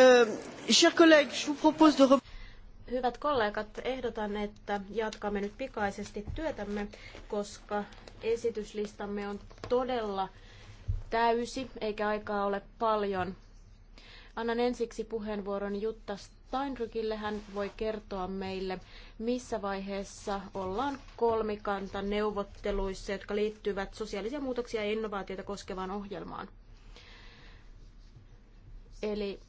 Euh, Hyvät kollegat, ehdotan, että jatkamme nyt pikaisesti työtämme, koska esityslistamme on todella täysi, eikä aikaa ole paljon. Annan ensiksi puheenvuoron Jutta Steinrykille. Hän voi kertoa meille, missä vaiheessa ollaan kolmikanta neuvotteluissa, jotka liittyvät sosiaalisia muutoksia ja innovaatioita koskevaan ohjelmaan. Eli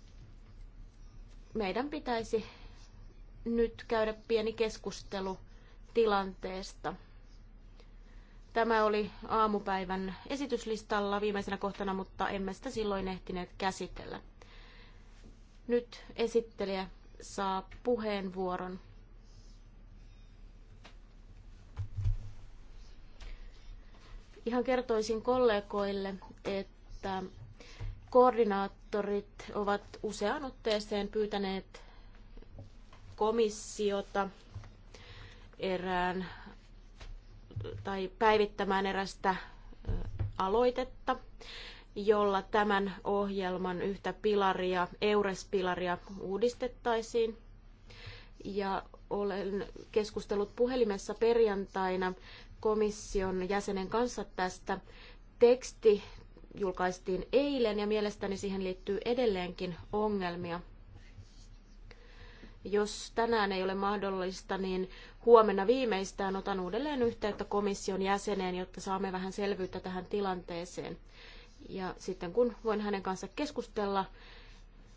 meidän pitäisi nyt käydä pieni keskustelu tilanteesta. Tämä oli aamupäivän esityslistalla viimeisenä kohtana, mutta emme sitä silloin ehtineet käsitellä. Nyt esittelijä saa puheenvuoron. Ihan kertoisin kollegoille, että Koordinaattorit ovat useaan otteeseen pyytäneet komissiota erään tai päivittämään erästä aloitetta, jolla tämän ohjelman yhtä pilaria, EURES-pilaria, uudistettaisiin. Ja olen keskustellut puhelimessa perjantaina komission jäsenen kanssa tästä. Teksti julkaistiin eilen ja mielestäni siihen liittyy edelleenkin ongelmia. Jos tänään ei ole mahdollista, niin huomenna viimeistään otan uudelleen yhteyttä komission jäseneen, jotta saamme vähän selvyyttä tähän tilanteeseen. Ja sitten kun voin hänen kanssa keskustella,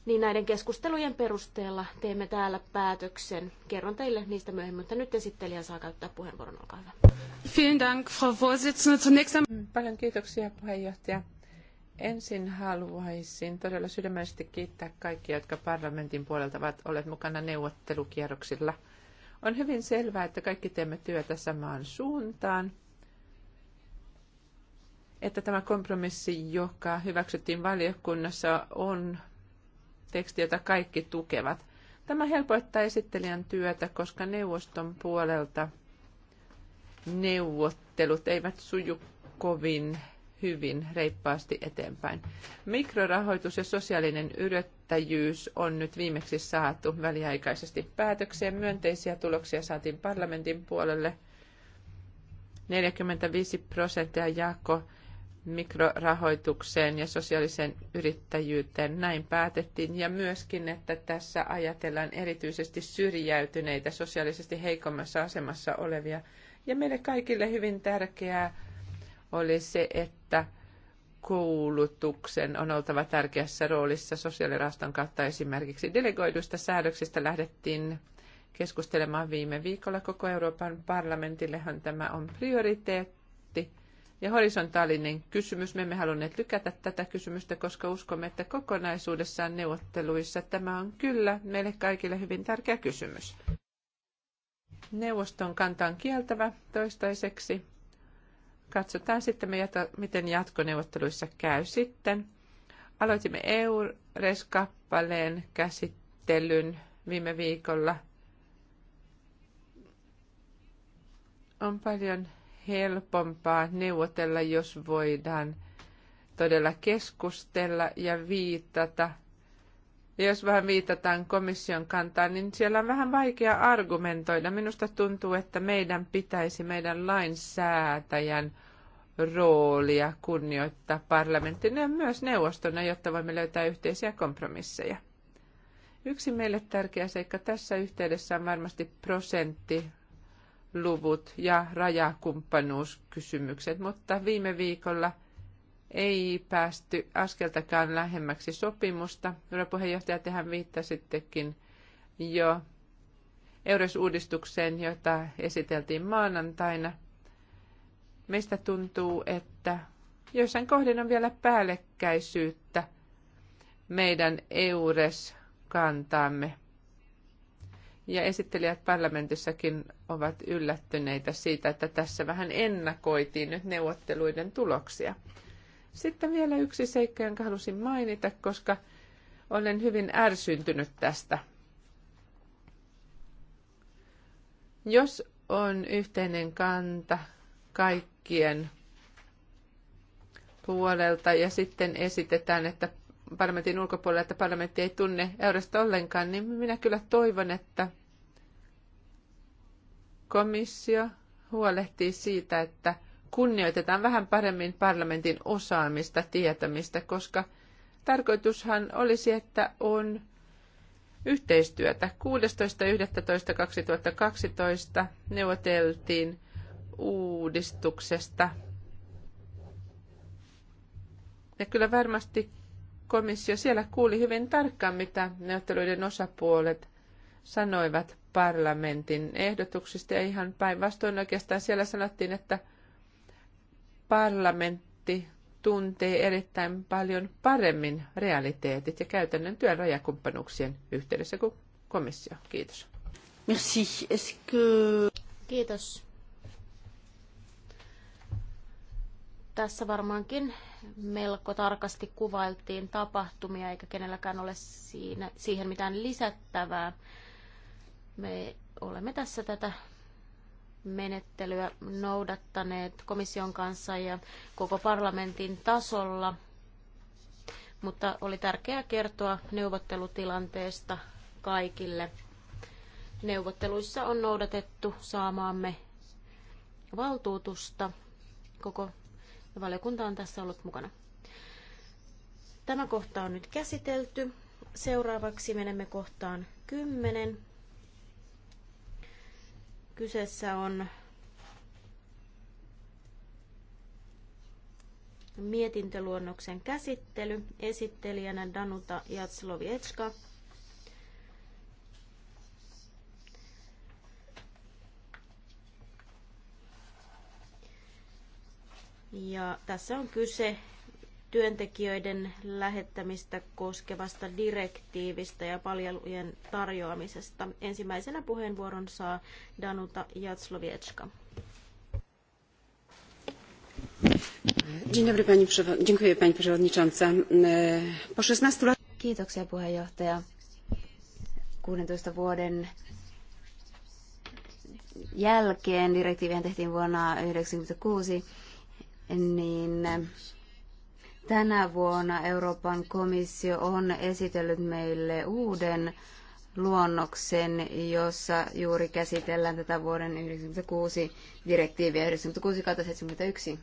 niin näiden keskustelujen perusteella teemme täällä päätöksen. Kerron teille niistä myöhemmin, mutta nyt esittelijä saa käyttää puheenvuoron. Olkaa hyvä. Vielen Dank, Frau Vorsitzende. Paljon kiitoksia puheenjohtaja. Ensin haluaisin todella sydämellisesti kiittää kaikkia, jotka parlamentin puolelta ovat olleet mukana neuvottelukierroksilla. On hyvin selvää, että kaikki teemme työtä samaan suuntaan. Että tämä kompromissi, joka hyväksyttiin valiokunnassa, on teksti, jota kaikki tukevat. Tämä helpottaa esittelijän työtä, koska neuvoston puolelta neuvottelut eivät suju kovin hyvin reippaasti eteenpäin. Mikrorahoitus ja sosiaalinen yrittäjyys on nyt viimeksi saatu väliaikaisesti päätökseen. Myönteisiä tuloksia saatiin parlamentin puolelle. 45 prosenttia jako mikrorahoitukseen ja sosiaaliseen yrittäjyyteen. Näin päätettiin ja myöskin, että tässä ajatellaan erityisesti syrjäytyneitä, sosiaalisesti heikommassa asemassa olevia. Ja meille kaikille hyvin tärkeää oli se, että koulutuksen on oltava tärkeässä roolissa sosiaalirahaston kautta esimerkiksi delegoiduista säädöksistä lähdettiin keskustelemaan viime viikolla koko Euroopan parlamentillehan tämä on prioriteetti ja horisontaalinen kysymys. Me emme halunneet lykätä tätä kysymystä, koska uskomme, että kokonaisuudessaan neuvotteluissa tämä on kyllä meille kaikille hyvin tärkeä kysymys. Neuvoston kanta on kieltävä toistaiseksi. Katsotaan sitten, miten jatkoneuvotteluissa käy sitten. Aloitimme EU-reskappaleen käsittelyn viime viikolla. On paljon helpompaa neuvotella, jos voidaan todella keskustella ja viitata. Ja jos vähän viitataan komission kantaan, niin siellä on vähän vaikea argumentoida. Minusta tuntuu, että meidän pitäisi meidän lainsäätäjän roolia kunnioittaa parlamenttina ja myös neuvostona, jotta voimme löytää yhteisiä kompromisseja. Yksi meille tärkeä seikka tässä yhteydessä on varmasti luvut ja rajakumppanuuskysymykset, mutta viime viikolla ei päästy askeltakaan lähemmäksi sopimusta. Hyvä puheenjohtaja, tehän viittasittekin jo EURES-uudistukseen, jota esiteltiin maanantaina – Meistä tuntuu, että joissain kohdin on vielä päällekkäisyyttä meidän EURES-kantaamme. Ja esittelijät parlamentissakin ovat yllättyneitä siitä, että tässä vähän ennakoitiin nyt neuvotteluiden tuloksia. Sitten vielä yksi seikka, jonka halusin mainita, koska olen hyvin ärsyntynyt tästä. Jos on yhteinen kanta kaikkien puolelta ja sitten esitetään, että parlamentin ulkopuolella, että parlamentti ei tunne eurosta ollenkaan, niin minä kyllä toivon, että komissio huolehtii siitä, että kunnioitetaan vähän paremmin parlamentin osaamista, tietämistä, koska tarkoitushan olisi, että on yhteistyötä. 16.11.2012 neuvoteltiin uudistuksesta. Ja kyllä varmasti komissio siellä kuuli hyvin tarkkaan, mitä neuvotteluiden osapuolet sanoivat parlamentin ehdotuksista. Ja ihan päinvastoin oikeastaan siellä sanottiin, että parlamentti tuntee erittäin paljon paremmin realiteetit ja käytännön työn rajakumppanuuksien yhteydessä kuin komissio. Kiitos. Merci. Kiitos. Tässä varmaankin melko tarkasti kuvailtiin tapahtumia, eikä kenelläkään ole siinä, siihen mitään lisättävää. Me olemme tässä tätä menettelyä noudattaneet komission kanssa ja koko parlamentin tasolla, mutta oli tärkeää kertoa neuvottelutilanteesta kaikille. Neuvotteluissa on noudatettu saamaamme valtuutusta. Koko ja valiokunta on tässä ollut mukana. Tämä kohta on nyt käsitelty. Seuraavaksi menemme kohtaan 10. Kyseessä on mietintöluonnoksen käsittely esittelijänä Danuta Jatslovietska – Ja tässä on kyse työntekijöiden lähettämistä koskevasta direktiivistä ja palvelujen tarjoamisesta. Ensimmäisenä puheenvuoron saa Danuta Jatsloviecka. pani, e, Po 16 Kiitoksia puheenjohtaja. 16 vuoden jälkeen direktiivihän tehtiin vuonna 1996 niin tänä vuonna Euroopan komissio on esitellyt meille uuden luonnoksen, jossa juuri käsitellään tätä vuoden 1996 direktiiviä 96-71.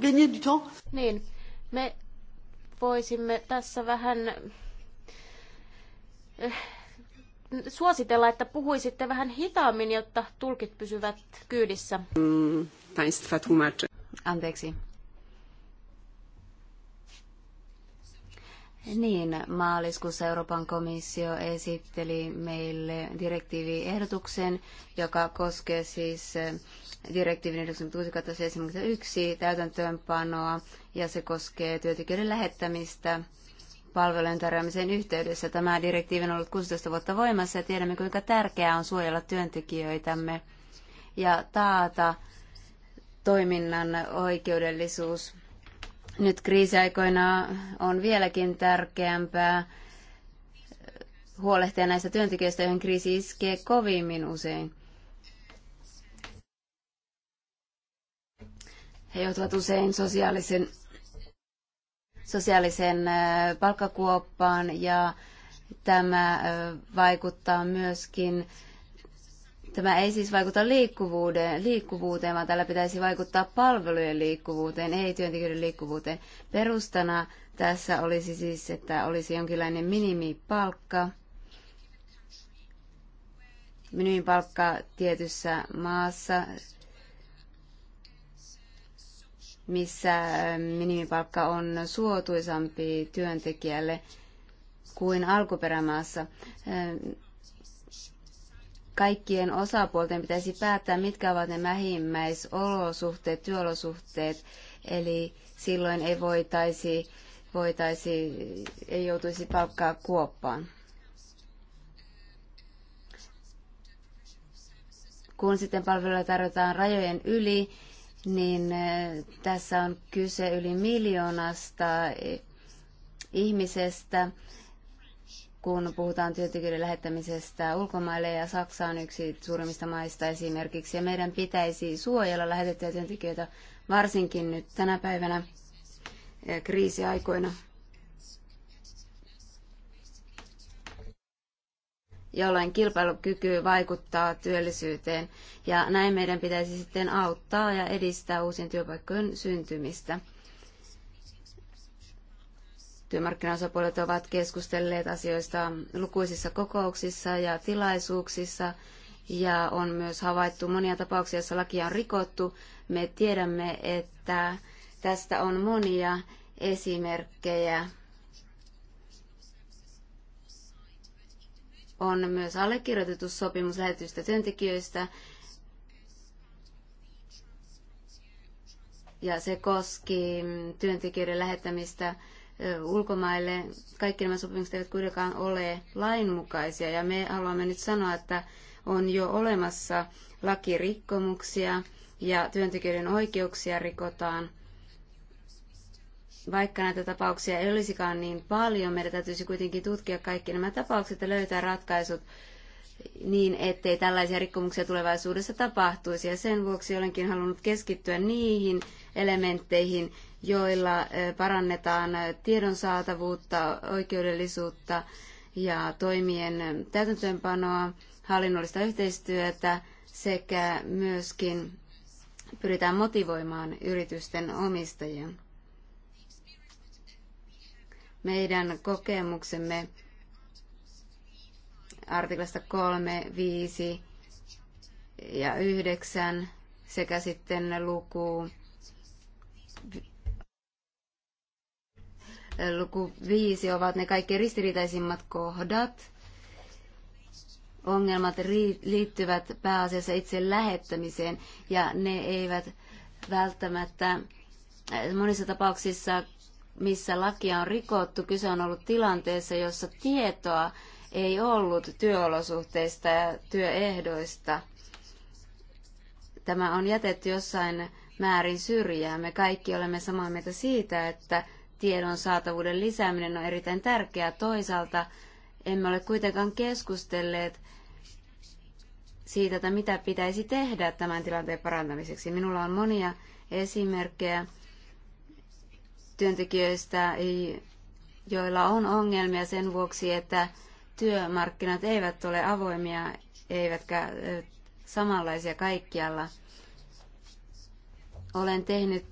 gagner du temps. Niin, me voisimme tässä vähän suositella, että puhuisitte vähän hitaammin, jotta tulkit pysyvät kyydissä. Mm, Anteeksi. Niin, maaliskuussa Euroopan komissio esitteli meille direktiiviehdotuksen, joka koskee siis eh, direktiivin 96 täytäntöönpanoa ja se koskee työntekijöiden lähettämistä palvelujen tarjoamisen yhteydessä. Tämä direktiivi on ollut 16 vuotta voimassa ja tiedämme, kuinka tärkeää on suojella työntekijöitämme ja taata toiminnan oikeudellisuus. Nyt kriisiaikoina on vieläkin tärkeämpää huolehtia näistä työntekijöistä, joihin kriisi iskee kovimmin usein. He joutuvat usein sosiaalisen sosiaalisen palkkakuoppaan ja tämä vaikuttaa myöskin Tämä ei siis vaikuta liikkuvuuteen, liikkuvuuteen, vaan tällä pitäisi vaikuttaa palvelujen liikkuvuuteen, ei työntekijöiden liikkuvuuteen. Perustana tässä olisi siis, että olisi jonkinlainen minimipalkka, minimipalkka tietyssä maassa missä ähm, minimipalkka on suotuisampi työntekijälle kuin alkuperämaassa. Ähm, kaikkien osapuolten pitäisi päättää, mitkä ovat ne vähimmäisolosuhteet, työolosuhteet, eli silloin ei voitaisi, voitaisi ei joutuisi palkkaa kuoppaan. Kun sitten palveluja tarjotaan rajojen yli, niin eh, tässä on kyse yli miljoonasta eh, ihmisestä, kun puhutaan työntekijöiden lähettämisestä ulkomaille ja Saksa on yksi suurimmista maista esimerkiksi. Ja meidän pitäisi suojella lähetettyjä työntekijöitä varsinkin nyt tänä päivänä eh, kriisiaikoina. jolloin kilpailukyky vaikuttaa työllisyyteen. Ja näin meidän pitäisi sitten auttaa ja edistää uusien työpaikkojen syntymistä. Työmarkkinaosapuolet ovat keskustelleet asioista lukuisissa kokouksissa ja tilaisuuksissa ja on myös havaittu monia tapauksia, joissa lakia on rikottu. Me tiedämme, että tästä on monia esimerkkejä on myös allekirjoitettu sopimus lähetystä työntekijöistä, ja se koski työntekijöiden lähettämistä ulkomaille. Kaikki nämä sopimukset eivät kuitenkaan ole lainmukaisia, ja me haluamme nyt sanoa, että on jo olemassa lakirikkomuksia, ja työntekijöiden oikeuksia rikotaan – vaikka näitä tapauksia ei olisikaan niin paljon, meidän täytyisi kuitenkin tutkia kaikki nämä tapaukset ja löytää ratkaisut niin, ettei tällaisia rikkomuksia tulevaisuudessa tapahtuisi. Ja sen vuoksi olenkin halunnut keskittyä niihin elementteihin, joilla parannetaan tiedon saatavuutta, oikeudellisuutta ja toimien täytäntöönpanoa, hallinnollista yhteistyötä sekä myöskin pyritään motivoimaan yritysten omistajia meidän kokemuksemme artiklasta 3, 5 ja 9 sekä sitten luku, luku 5 ovat ne kaikki ristiriitaisimmat kohdat. Ongelmat liittyvät pääasiassa itse lähettämiseen ja ne eivät välttämättä monissa tapauksissa missä lakia on rikottu. Kyse on ollut tilanteessa, jossa tietoa ei ollut työolosuhteista ja työehdoista. Tämä on jätetty jossain määrin syrjään. Me kaikki olemme samaa mieltä siitä, että tiedon saatavuuden lisääminen on erittäin tärkeää. Toisaalta emme ole kuitenkaan keskustelleet siitä, että mitä pitäisi tehdä tämän tilanteen parantamiseksi. Minulla on monia esimerkkejä työntekijöistä, joilla on ongelmia sen vuoksi, että työmarkkinat eivät ole avoimia eivätkä samanlaisia kaikkialla. Olen tehnyt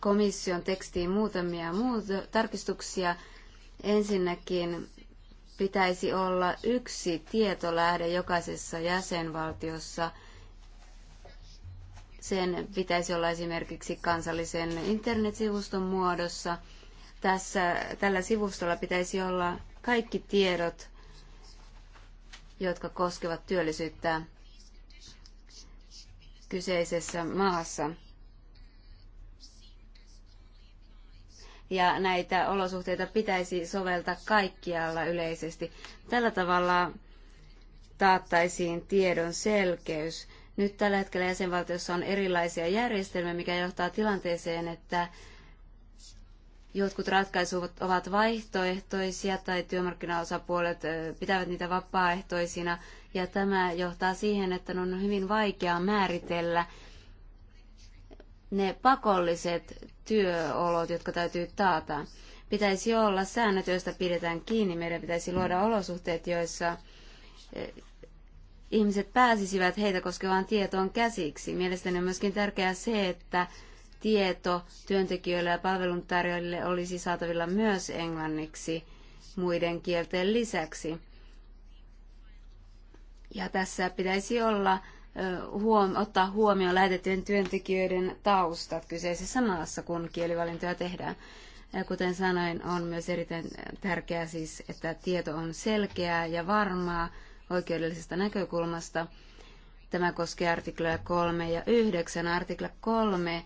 komission tekstiin muutamia muuta tarkistuksia. Ensinnäkin pitäisi olla yksi tietolähde jokaisessa jäsenvaltiossa – sen pitäisi olla esimerkiksi kansallisen internetsivuston muodossa. Tässä, tällä sivustolla pitäisi olla kaikki tiedot, jotka koskevat työllisyyttä kyseisessä maassa. ja näitä olosuhteita pitäisi soveltaa kaikkialla yleisesti. Tällä tavalla taattaisiin tiedon selkeys nyt tällä hetkellä jäsenvaltiossa on erilaisia järjestelmiä, mikä johtaa tilanteeseen, että jotkut ratkaisut ovat vaihtoehtoisia tai työmarkkinaosapuolet pitävät niitä vapaaehtoisina. Ja tämä johtaa siihen, että on hyvin vaikea määritellä ne pakolliset työolot, jotka täytyy taata. Pitäisi olla säännöt, joista pidetään kiinni. Meidän pitäisi luoda olosuhteet, joissa ihmiset pääsisivät heitä koskevaan tietoon käsiksi. Mielestäni on myöskin tärkeää se, että tieto työntekijöille ja palveluntarjoajille olisi saatavilla myös englanniksi muiden kielten lisäksi. Ja tässä pitäisi olla huom- ottaa huomioon lähetettyjen työntekijöiden taustat kyseisessä maassa, kun kielivalintoja tehdään. Kuten sanoin, on myös erittäin tärkeää siis, että tieto on selkeää ja varmaa oikeudellisesta näkökulmasta. Tämä koskee artikloja 3 ja 9. Artikla 3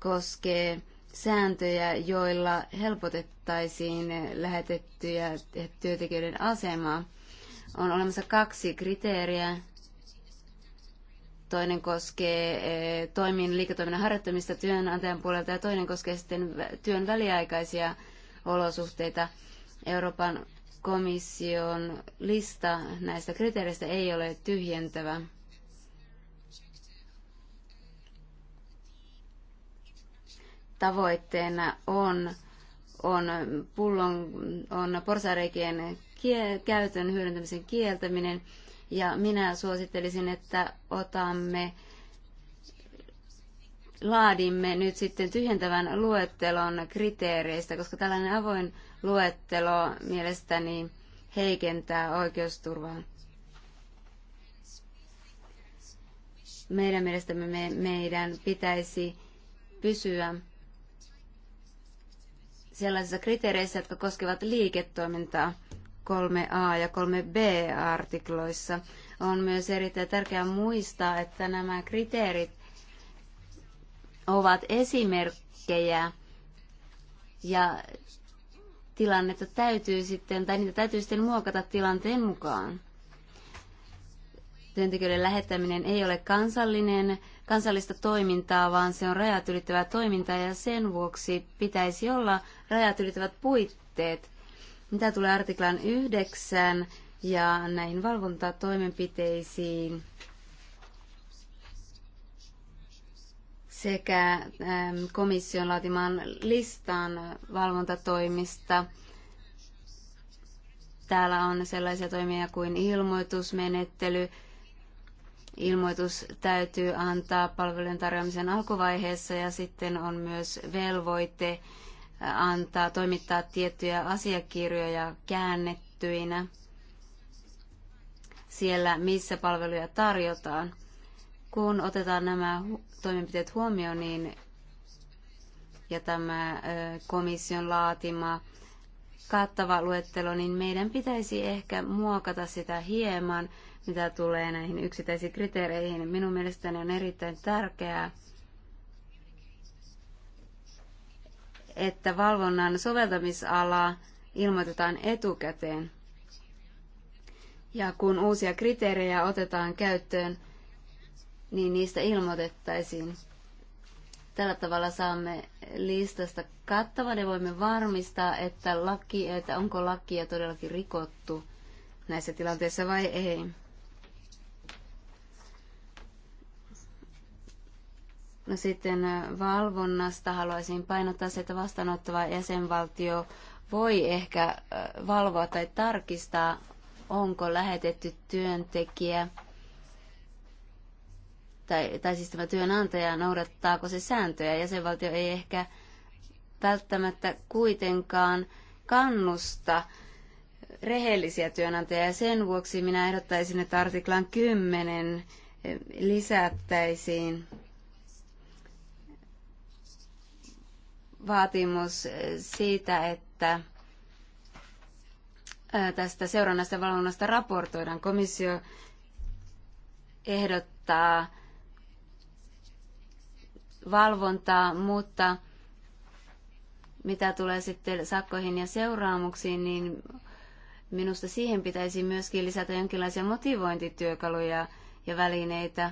koskee sääntöjä, joilla helpotettaisiin lähetettyjä työntekijöiden asemaa. On olemassa kaksi kriteeriä. Toinen koskee eh, toimin liiketoiminnan harjoittamista työnantajan puolelta ja toinen koskee sitten työn väliaikaisia olosuhteita. Euroopan komission lista näistä kriteereistä ei ole tyhjentävä. Tavoitteena on, on, pullon, on porsareikien käytön hyödyntämisen kieltäminen ja minä suosittelisin, että otamme laadimme nyt sitten tyhjentävän luettelon kriteereistä, koska tällainen avoin luettelo mielestäni heikentää oikeusturvaa. Meidän mielestämme me, meidän pitäisi pysyä sellaisissa kriteereissä, jotka koskevat liiketoimintaa 3a ja 3b artikloissa. On myös erittäin tärkeää muistaa, että nämä kriteerit ovat esimerkkejä ja tilannetta täytyy sitten, tai niitä täytyy sitten muokata tilanteen mukaan. Työntekijöiden lähettäminen ei ole kansallinen, kansallista toimintaa, vaan se on rajat ylittävää toimintaa ja sen vuoksi pitäisi olla rajat ylittävät puitteet. Mitä tulee artiklan 9 ja näihin valvontatoimenpiteisiin, sekä ähm, komission laatimaan listaan valvontatoimista. Täällä on sellaisia toimia kuin ilmoitusmenettely. Ilmoitus täytyy antaa palvelujen tarjoamisen alkuvaiheessa ja sitten on myös velvoite äh, antaa toimittaa tiettyjä asiakirjoja käännettyinä siellä, missä palveluja tarjotaan kun otetaan nämä toimenpiteet huomioon, niin ja tämä komission laatima kattava luettelo, niin meidän pitäisi ehkä muokata sitä hieman, mitä tulee näihin yksittäisiin kriteereihin. Minun mielestäni on erittäin tärkeää, että valvonnan soveltamisala ilmoitetaan etukäteen. Ja kun uusia kriteerejä otetaan käyttöön, niin niistä ilmoitettaisiin. Tällä tavalla saamme listasta kattavan ja voimme varmistaa, että, laki, että onko lakia todellakin rikottu näissä tilanteissa vai ei. No sitten äh, valvonnasta haluaisin painottaa se, että vastaanottava jäsenvaltio voi ehkä äh, valvoa tai tarkistaa, onko lähetetty työntekijä tai, tai siis tämä työnantaja, noudattaako se sääntöjä. Jäsenvaltio ei ehkä välttämättä kuitenkaan kannusta rehellisiä työnantajia. sen vuoksi minä ehdottaisin, että artiklan 10 lisättäisiin vaatimus siitä, että tästä seurannasta valvonnasta raportoidaan. Komissio ehdottaa valvontaa, mutta mitä tulee sitten sakkoihin ja seuraamuksiin, niin minusta siihen pitäisi myöskin lisätä jonkinlaisia motivointityökaluja ja välineitä.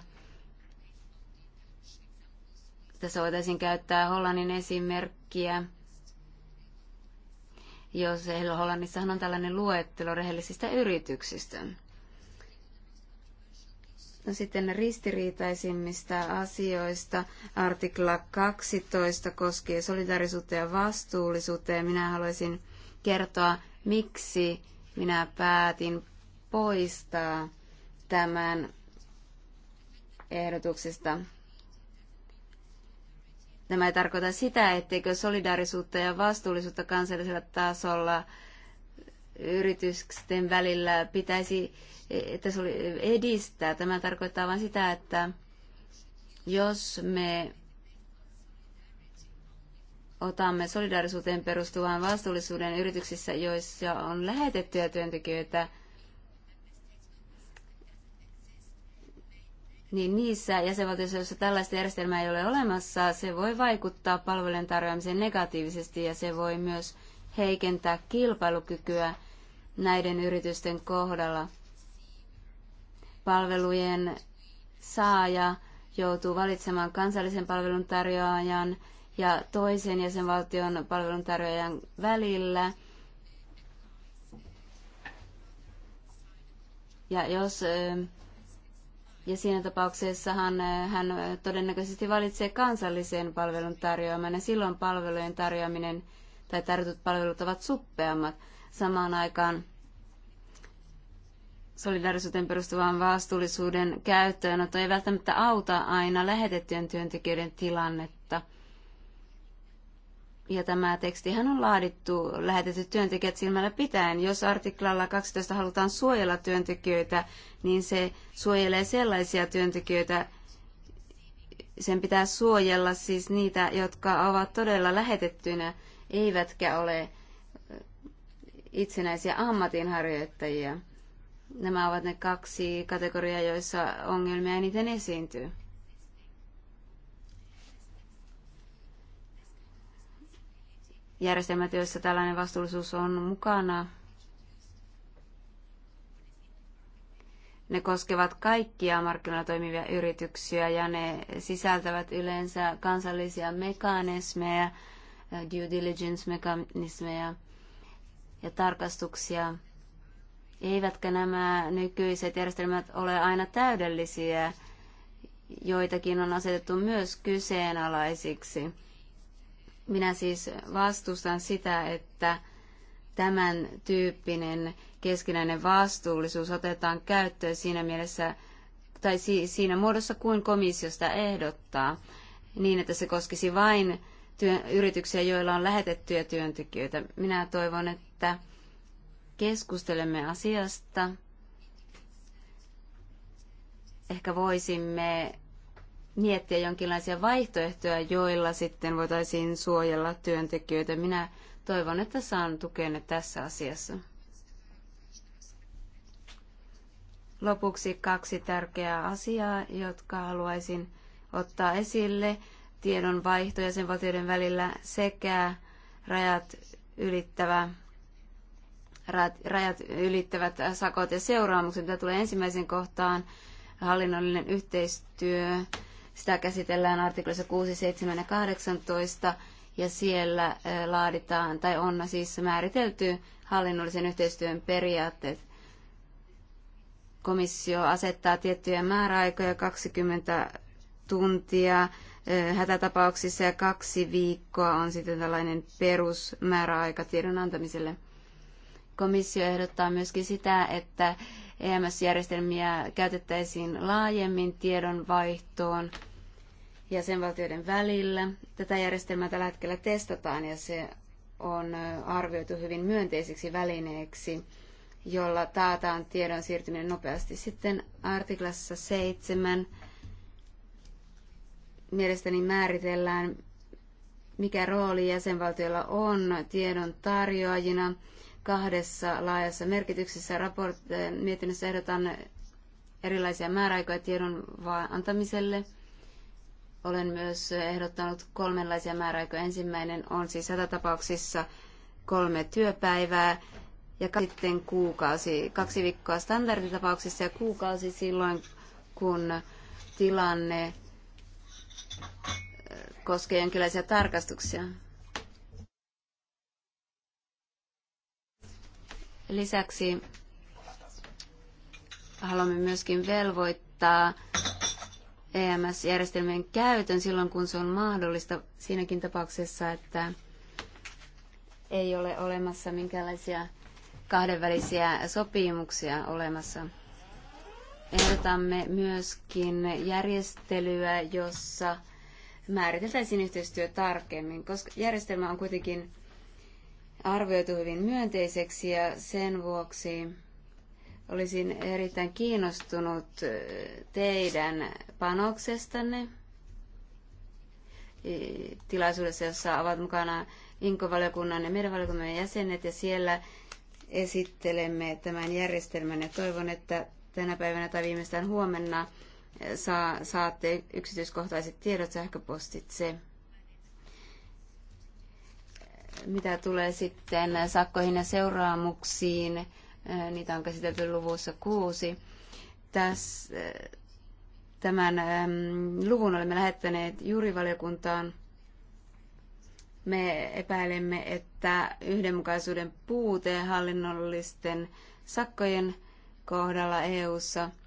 Tässä voitaisiin käyttää Hollannin esimerkkiä. Jos Hollannissahan on tällainen luettelo rehellisistä yrityksistä. Sitten ristiriitaisimmista asioista artikla 12 koskee solidarisuutta ja vastuullisuutta ja minä haluaisin kertoa, miksi minä päätin poistaa tämän ehdotuksesta. Tämä ei tarkoita sitä, etteikö solidaarisuutta ja vastuullisuutta kansallisella tasolla yritysten välillä pitäisi, että se oli edistää. Tämä tarkoittaa vain sitä, että jos me otamme solidaarisuuteen perustuvan vastuullisuuden yrityksissä, joissa on lähetettyjä työntekijöitä, niin niissä jäsenvaltioissa, joissa tällaista järjestelmää ei ole olemassa, se voi vaikuttaa palvelujen tarjoamiseen negatiivisesti ja se voi myös heikentää kilpailukykyä näiden yritysten kohdalla. Palvelujen saaja joutuu valitsemaan kansallisen palveluntarjoajan ja toisen jäsenvaltion palveluntarjoajan välillä. Ja jos ja siinä tapauksessa hän, hän todennäköisesti valitsee kansallisen palvelun tarjoaman ja silloin palvelujen tarjoaminen tai tarjotut palvelut ovat suppeammat samaan aikaan solidarisuuteen perustuvan vastuullisuuden käyttöönotto ei välttämättä auta aina lähetettyjen työntekijöiden tilannetta. Ja tämä tekstihän on laadittu lähetetyt työntekijät silmällä pitäen. Jos artiklalla 12 halutaan suojella työntekijöitä, niin se suojelee sellaisia työntekijöitä, sen pitää suojella siis niitä, jotka ovat todella lähetettynä, eivätkä ole itsenäisiä ammatinharjoittajia. Nämä ovat ne kaksi kategoriaa, joissa ongelmia eniten esiintyy. Järjestelmät, joissa tällainen vastuullisuus on mukana, ne koskevat kaikkia markkinoilla toimivia yrityksiä ja ne sisältävät yleensä kansallisia mekanismeja, due diligence-mekanismeja – ja tarkastuksia. Eivätkä nämä nykyiset järjestelmät ole aina täydellisiä. Joitakin on asetettu myös kyseenalaisiksi. Minä siis vastustan sitä, että tämän tyyppinen keskinäinen vastuullisuus otetaan käyttöön siinä mielessä tai siinä muodossa kuin komissiosta ehdottaa, niin että se koskisi vain työ, yrityksiä, joilla on lähetettyjä työntekijöitä. Minä toivon, että keskustelemme asiasta. Ehkä voisimme miettiä jonkinlaisia vaihtoehtoja, joilla sitten voitaisiin suojella työntekijöitä. Minä toivon, että saan tukenne tässä asiassa. Lopuksi kaksi tärkeää asiaa, jotka haluaisin ottaa esille tiedonvaihto jäsenvaltioiden välillä sekä rajat ylittävä rajat ylittävät sakot ja seuraamukset, mitä tulee ensimmäiseen kohtaan, hallinnollinen yhteistyö, sitä käsitellään artiklassa 6, 7 ja 18, ja siellä eh, laaditaan, tai on siis määritelty hallinnollisen yhteistyön periaatteet. Komissio asettaa tiettyjä määräaikoja, 20 tuntia Eh, hätätapauksissa ja kaksi viikkoa on sitten tällainen perusmääräaika tiedon antamiselle. Komissio ehdottaa myöskin sitä, että EMS-järjestelmiä käytettäisiin laajemmin tiedonvaihtoon jäsenvaltioiden välillä. Tätä järjestelmää tällä hetkellä testataan ja se on eh, arvioitu hyvin myönteiseksi välineeksi, jolla taataan tiedon siirtyminen nopeasti. Sitten artiklassa 7 mielestäni määritellään, mikä rooli jäsenvaltiolla on tiedon tarjoajina kahdessa laajassa merkityksessä. Raport, eh, mietinnössä ehdotan erilaisia määräaikoja tiedon antamiselle. Olen myös ehdottanut kolmenlaisia määräaikoja. Ensimmäinen on siis tapauksissa kolme työpäivää ja sitten kuukausi, kaksi viikkoa standarditapauksissa ja kuukausi silloin, kun tilanne koskee jonkinlaisia tarkastuksia. Lisäksi haluamme myöskin velvoittaa EMS-järjestelmien käytön silloin, kun se on mahdollista siinäkin tapauksessa, että ei ole olemassa minkäänlaisia kahdenvälisiä sopimuksia olemassa. Ehdotamme myöskin järjestelyä, jossa määriteltäisiin yhteistyö tarkemmin, koska järjestelmä on kuitenkin arvioitu hyvin myönteiseksi ja sen vuoksi olisin erittäin kiinnostunut teidän panoksestanne e, tilaisuudessa, jossa ovat mukana Inko-valiokunnan ja meidän valiokunnan jäsenet ja siellä esittelemme tämän järjestelmän ja toivon, että tänä päivänä tai viimeistään huomenna saa, saatte yksityiskohtaiset tiedot sähköpostitse. Mitä tulee sitten sakkoihin ja seuraamuksiin, eh, niitä on käsitelty luvussa kuusi. Tässä, eh, tämän luvun olemme lähettäneet juurivaliokuntaan. Me epäilemme, että yhdenmukaisuuden puute hallinnollisten sakkojen kohdalla EU:ssa –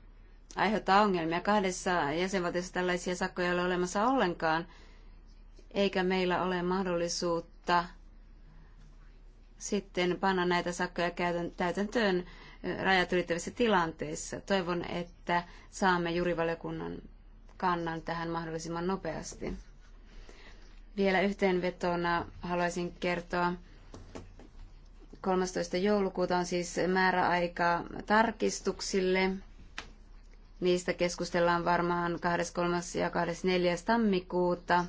aiheuttaa ongelmia. Kahdessa jäsenvaltiossa tällaisia sakkoja ei ole olemassa ollenkaan, eikä meillä ole mahdollisuutta sitten panna näitä sakkoja täytäntöön rajat ylittävissä tilanteissa. Toivon, että saamme jurivaliokunnan kannan tähän mahdollisimman nopeasti. Vielä yhteenvetona haluaisin kertoa, 13. joulukuuta on siis määräaika tarkistuksille Niistä keskustellaan varmaan 23. ja 24. tammikuuta.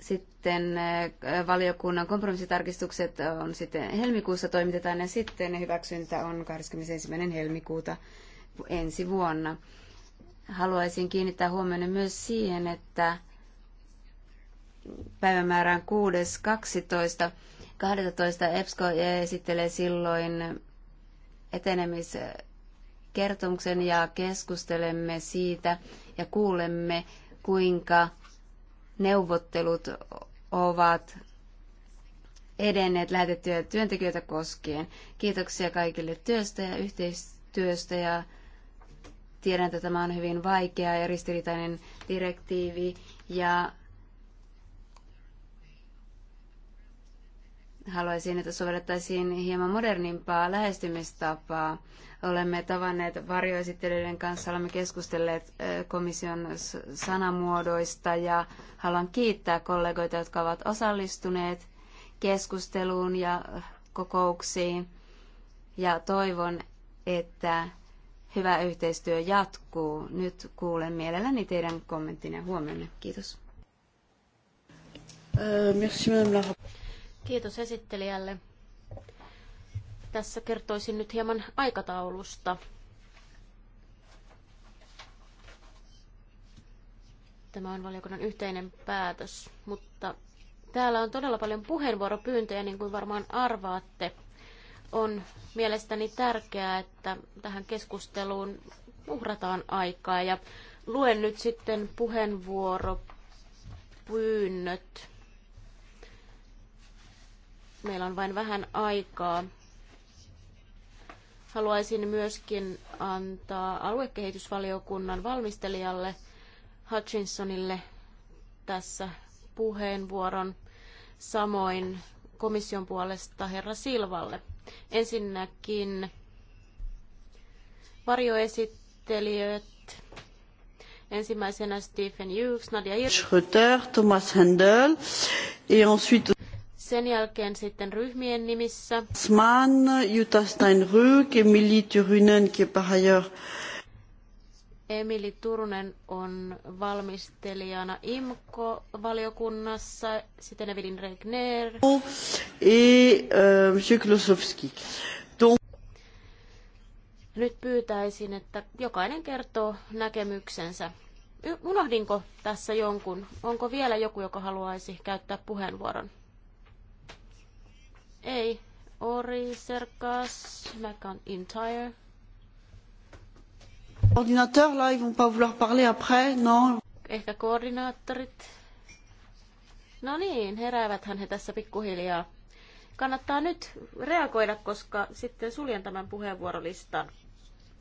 Sitten eh, valiokunnan kompromissitarkistukset on sitten helmikuussa toimitetaan ja sitten hyväksyntä on 21. helmikuuta ensi vuonna. Haluaisin kiinnittää huomioon myös siihen, että päivämäärän 6.12.12 12. EPSCO esittelee silloin etenemis- kertomuksen ja keskustelemme siitä ja kuulemme, kuinka neuvottelut ovat edenneet lähetettyjä työntekijöitä koskien. Kiitoksia kaikille työstä ja yhteistyöstä ja tiedän, että tämä on hyvin vaikea ja ristiriitainen direktiivi ja Haluaisin, että sovellettaisiin hieman modernimpaa lähestymistapaa. Olemme tavanneet varjoesittelyiden kanssa, olemme keskustelleet komission sanamuodoista ja haluan kiittää kollegoita, jotka ovat osallistuneet keskusteluun ja kokouksiin. Ja toivon, että hyvä yhteistyö jatkuu. Nyt kuulen mielelläni teidän kommenttinne ja huomionne. Kiitos. Merci, Kiitos esittelijälle. Tässä kertoisin nyt hieman aikataulusta. Tämä on valiokunnan yhteinen päätös, mutta täällä on todella paljon puheenvuoropyyntöjä, niin kuin varmaan arvaatte. On mielestäni tärkeää, että tähän keskusteluun uhrataan aikaa ja luen nyt sitten puheenvuoropyynnöt Meillä on vain vähän aikaa. Haluaisin myöskin antaa aluekehitysvaliokunnan valmistelijalle Hutchinsonille tässä puheenvuoron, samoin komission puolesta herra Silvalle. Ensinnäkin varjoesittelijät Ensimmäisenä Stephen Hughes, Nadia Hirsch. Schröter, Thomas Handel. Et ensuite... Sen jälkeen sitten ryhmien nimissä. Sman, Jutta Steinrück, Emily Turunen, qui par ailleurs Emili Turunen on valmistelijana IMKO-valiokunnassa, sitten Evelin Regner. Et, euh, Klosowski. Nyt pyytäisin, että jokainen kertoo näkemyksensä. Unohdinko tässä jonkun? Onko vielä joku, joka haluaisi käyttää puheenvuoron? Ei. Ori, Serkas, Macan, Entire. Ordinateur, là, ils vont pas vouloir parler après, non? Ehkä koordinaattorit. No niin, hän he tässä pikkuhiljaa. Kannattaa nyt reagoida, koska sitten suljen tämän puheenvuorolistan,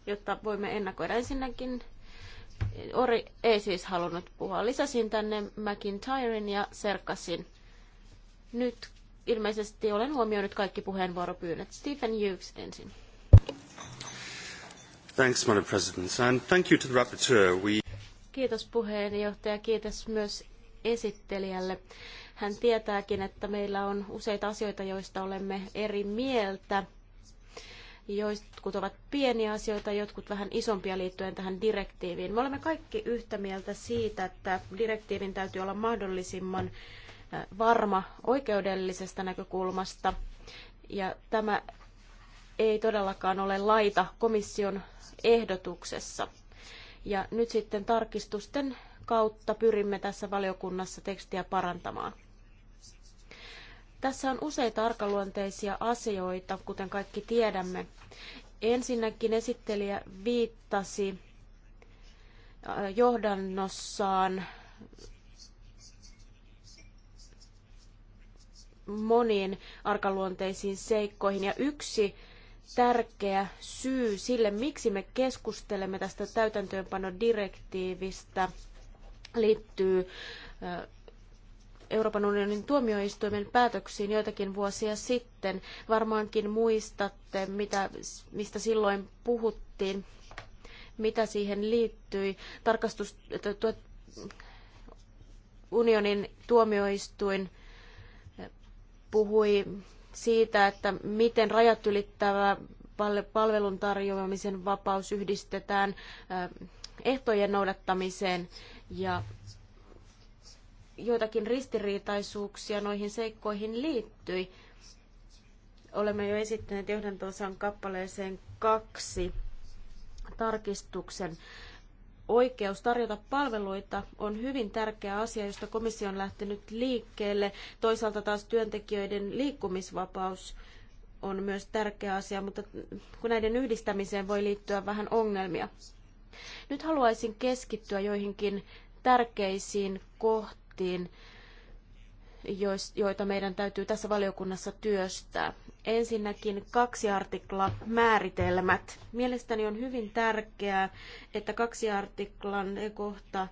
jotta voimme ennakoida ensinnäkin Ori ei siis halunnut puhua. Lisäsin tänne McIntyren ja Serkasin. Nyt ilmeisesti olen huomioinut kaikki puheenvuoropyynnöt. Stephen Hughes ensin. Thanks, Madam President, and thank you to the rapporteur. We... Kiitos puheenjohtaja, kiitos myös esittelijälle. Hän tietääkin, että meillä on useita asioita, joista olemme eri mieltä. Jotkut ovat pieniä asioita, jotkut vähän isompia liittyen tähän direktiiviin. Me olemme kaikki yhtä mieltä siitä, että direktiivin täytyy olla mahdollisimman varma oikeudellisesta näkökulmasta. Ja tämä ei todellakaan ole laita komission ehdotuksessa. Ja nyt sitten tarkistusten kautta pyrimme tässä valiokunnassa tekstiä parantamaan. Tässä on useita arkaluonteisia asioita, kuten kaikki tiedämme. Ensinnäkin esittelijä viittasi äh, johdannossaan moniin arkaluonteisiin seikkoihin. Ja yksi tärkeä syy sille, miksi me keskustelemme tästä täytäntöönpanodirektiivistä, liittyy Euroopan unionin tuomioistuimen päätöksiin joitakin vuosia sitten. Varmaankin muistatte, mitä, mistä silloin puhuttiin, mitä siihen liittyi. Tarkastus, unionin tuomioistuin puhui siitä, että miten rajat ylittävä palvelun tarjoamisen vapaus yhdistetään ehtojen noudattamiseen ja joitakin ristiriitaisuuksia noihin seikkoihin liittyi. Olemme jo esittäneet johdantosan kappaleeseen kaksi tarkistuksen oikeus tarjota palveluita on hyvin tärkeä asia, josta komissio on lähtenyt liikkeelle. Toisaalta taas työntekijöiden liikkumisvapaus on myös tärkeä asia, mutta kun näiden yhdistämiseen voi liittyä vähän ongelmia. Nyt haluaisin keskittyä joihinkin tärkeisiin kohtiin, joita meidän täytyy tässä valiokunnassa työstää. Ensinnäkin kaksi artikla määritelmät. Mielestäni on hyvin tärkeää, että kaksi artiklan kohta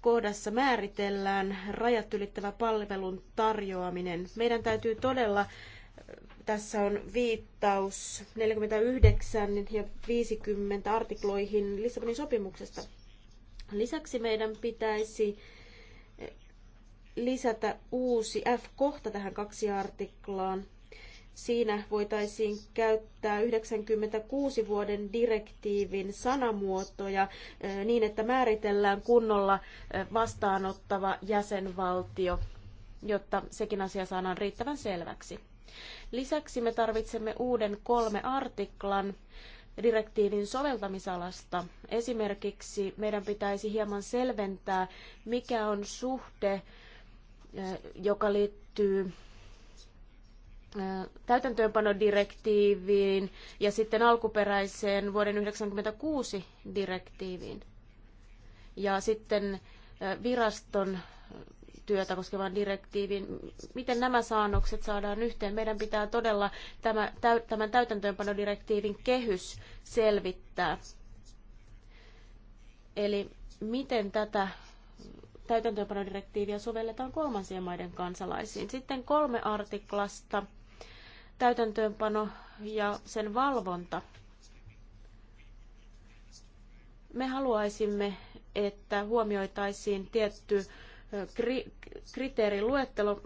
kohdassa määritellään rajat ylittävä palvelun tarjoaminen. Meidän täytyy todella, tässä on viittaus 49 ja 50 artikloihin Lissabonin sopimuksesta. Lisäksi meidän pitäisi lisätä uusi F-kohta tähän kaksi artiklaan, Siinä voitaisiin käyttää 96 vuoden direktiivin sanamuotoja niin, että määritellään kunnolla vastaanottava jäsenvaltio, jotta sekin asia saadaan riittävän selväksi. Lisäksi me tarvitsemme uuden kolme artiklan direktiivin soveltamisalasta. Esimerkiksi meidän pitäisi hieman selventää, mikä on suhde, joka liittyy täytäntöönpanodirektiiviin ja sitten alkuperäiseen vuoden 1996 direktiiviin ja sitten viraston työtä koskevaan direktiiviin. Miten nämä saannokset saadaan yhteen? Meidän pitää todella tämän täytäntöönpanodirektiivin kehys selvittää. Eli miten tätä täytäntöönpanodirektiiviä sovelletaan kolmansien maiden kansalaisiin. Sitten kolme artiklasta – täytäntöönpano ja sen valvonta. Me haluaisimme, että huomioitaisiin tietty kri- kriteeriluettelo,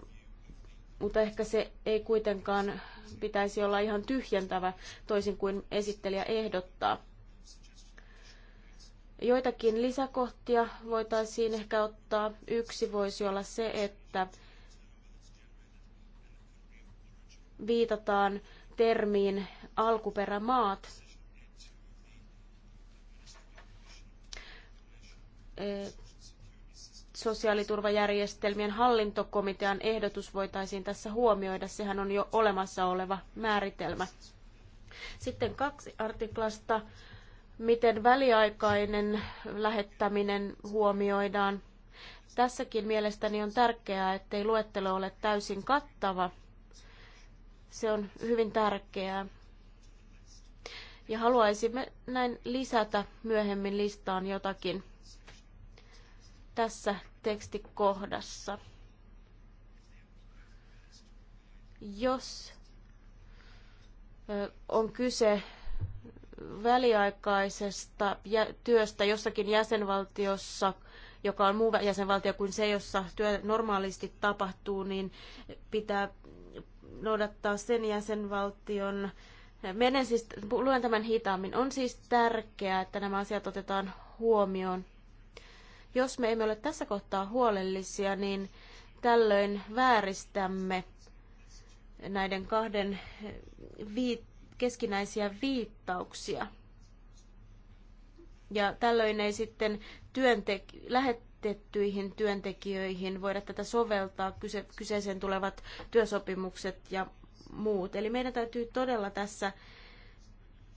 mutta ehkä se ei kuitenkaan pitäisi olla ihan tyhjentävä, toisin kuin esittelijä ehdottaa. Joitakin lisäkohtia voitaisiin ehkä ottaa. Yksi voisi olla se, että viitataan termiin alkuperämaat. E, sosiaaliturvajärjestelmien hallintokomitean ehdotus voitaisiin tässä huomioida. Sehän on jo olemassa oleva määritelmä. Sitten kaksi artiklasta, miten väliaikainen lähettäminen huomioidaan. Tässäkin mielestäni on tärkeää, ettei luettelo ole täysin kattava – se on hyvin tärkeää. Ja haluaisimme näin lisätä myöhemmin listaan jotakin tässä tekstikohdassa. Jos on kyse väliaikaisesta työstä jossakin jäsenvaltiossa, joka on muu jäsenvaltio kuin se, jossa työ normaalisti tapahtuu, niin pitää noudattaa sen jäsenvaltion. Menen siis, luen tämän hitaammin. On siis tärkeää, että nämä asiat otetaan huomioon. Jos me emme ole tässä kohtaa huolellisia, niin tällöin vääristämme näiden kahden viit- keskinäisiä viittauksia. Ja tällöin ei sitten työntek- lähet- lähetettyihin työntekijöihin voida tätä soveltaa, kyse, kyseeseen tulevat työsopimukset ja muut. Eli meidän täytyy todella tässä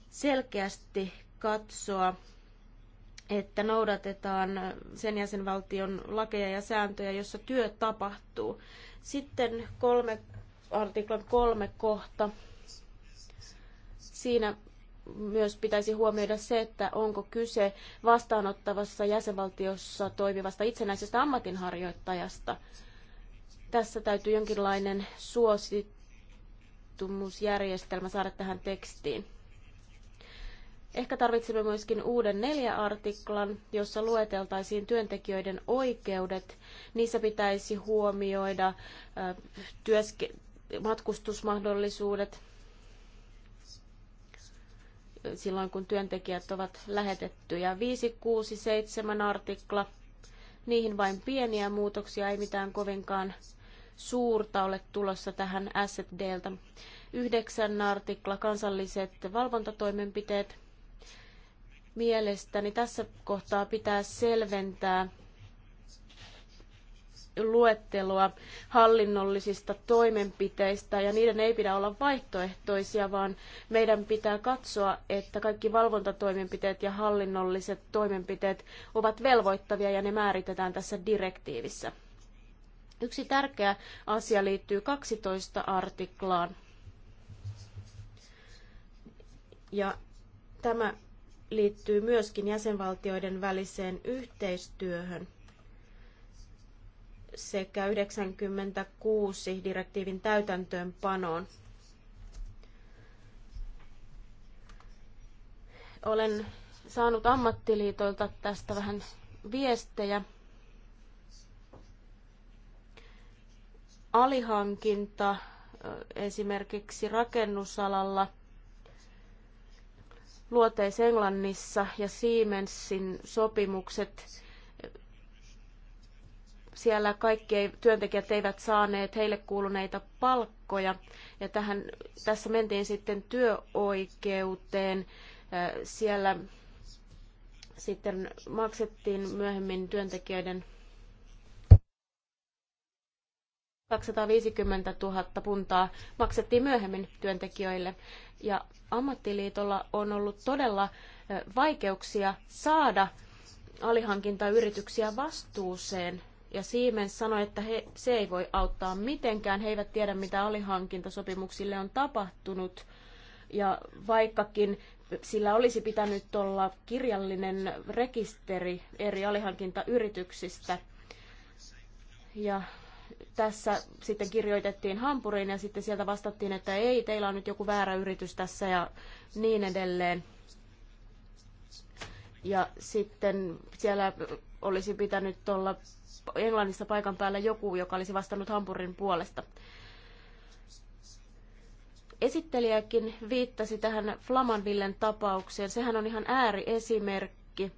selkeästi katsoa, että noudatetaan sen jäsenvaltion lakeja ja sääntöjä, jossa työ tapahtuu. Sitten kolme, artiklan kolme kohta. Siinä myös pitäisi huomioida se, että onko kyse vastaanottavassa jäsenvaltiossa toimivasta itsenäisestä ammatinharjoittajasta. Tässä täytyy jonkinlainen suosittumusjärjestelmä saada tähän tekstiin. Ehkä tarvitsemme myöskin uuden neljä artiklan, jossa lueteltaisiin työntekijöiden oikeudet. Niissä pitäisi huomioida matkustusmahdollisuudet, silloin, kun työntekijät ovat lähetettyjä. 5, 6, 7 artikla. Niihin vain pieniä muutoksia, ei mitään kovinkaan suurta ole tulossa tähän SFDltä. 9 artikla, kansalliset valvontatoimenpiteet. Mielestäni tässä kohtaa pitää selventää luetteloa hallinnollisista toimenpiteistä ja niiden ei pidä olla vaihtoehtoisia, vaan meidän pitää katsoa, että kaikki valvontatoimenpiteet ja hallinnolliset toimenpiteet ovat velvoittavia ja ne määritetään tässä direktiivissä. Yksi tärkeä asia liittyy 12 artiklaan. Ja tämä liittyy myöskin jäsenvaltioiden väliseen yhteistyöhön sekä 96 direktiivin täytäntöönpanoon. Olen saanut ammattiliitoilta tästä vähän viestejä. Alihankinta esimerkiksi rakennusalalla – Luoteis-Englannissa ja Siemensin sopimukset siellä kaikki työntekijät eivät saaneet heille kuuluneita palkkoja. Ja tähän, tässä mentiin sitten työoikeuteen. Siellä sitten maksettiin myöhemmin työntekijöiden 250 000 puntaa maksettiin myöhemmin työntekijöille. Ja ammattiliitolla on ollut todella vaikeuksia saada alihankintayrityksiä vastuuseen ja Siemens sanoi, että he, se ei voi auttaa mitenkään. He eivät tiedä, mitä alihankintasopimuksille on tapahtunut. Ja vaikkakin sillä olisi pitänyt olla kirjallinen rekisteri eri alihankintayrityksistä. Ja tässä sitten kirjoitettiin hampuriin ja sitten sieltä vastattiin, että ei, teillä on nyt joku väärä yritys tässä ja niin edelleen. Ja sitten siellä olisi pitänyt olla Englannissa paikan päällä joku, joka olisi vastannut Hampurin puolesta. Esittelijäkin viittasi tähän Flamanvillen tapaukseen. Sehän on ihan ääriesimerkki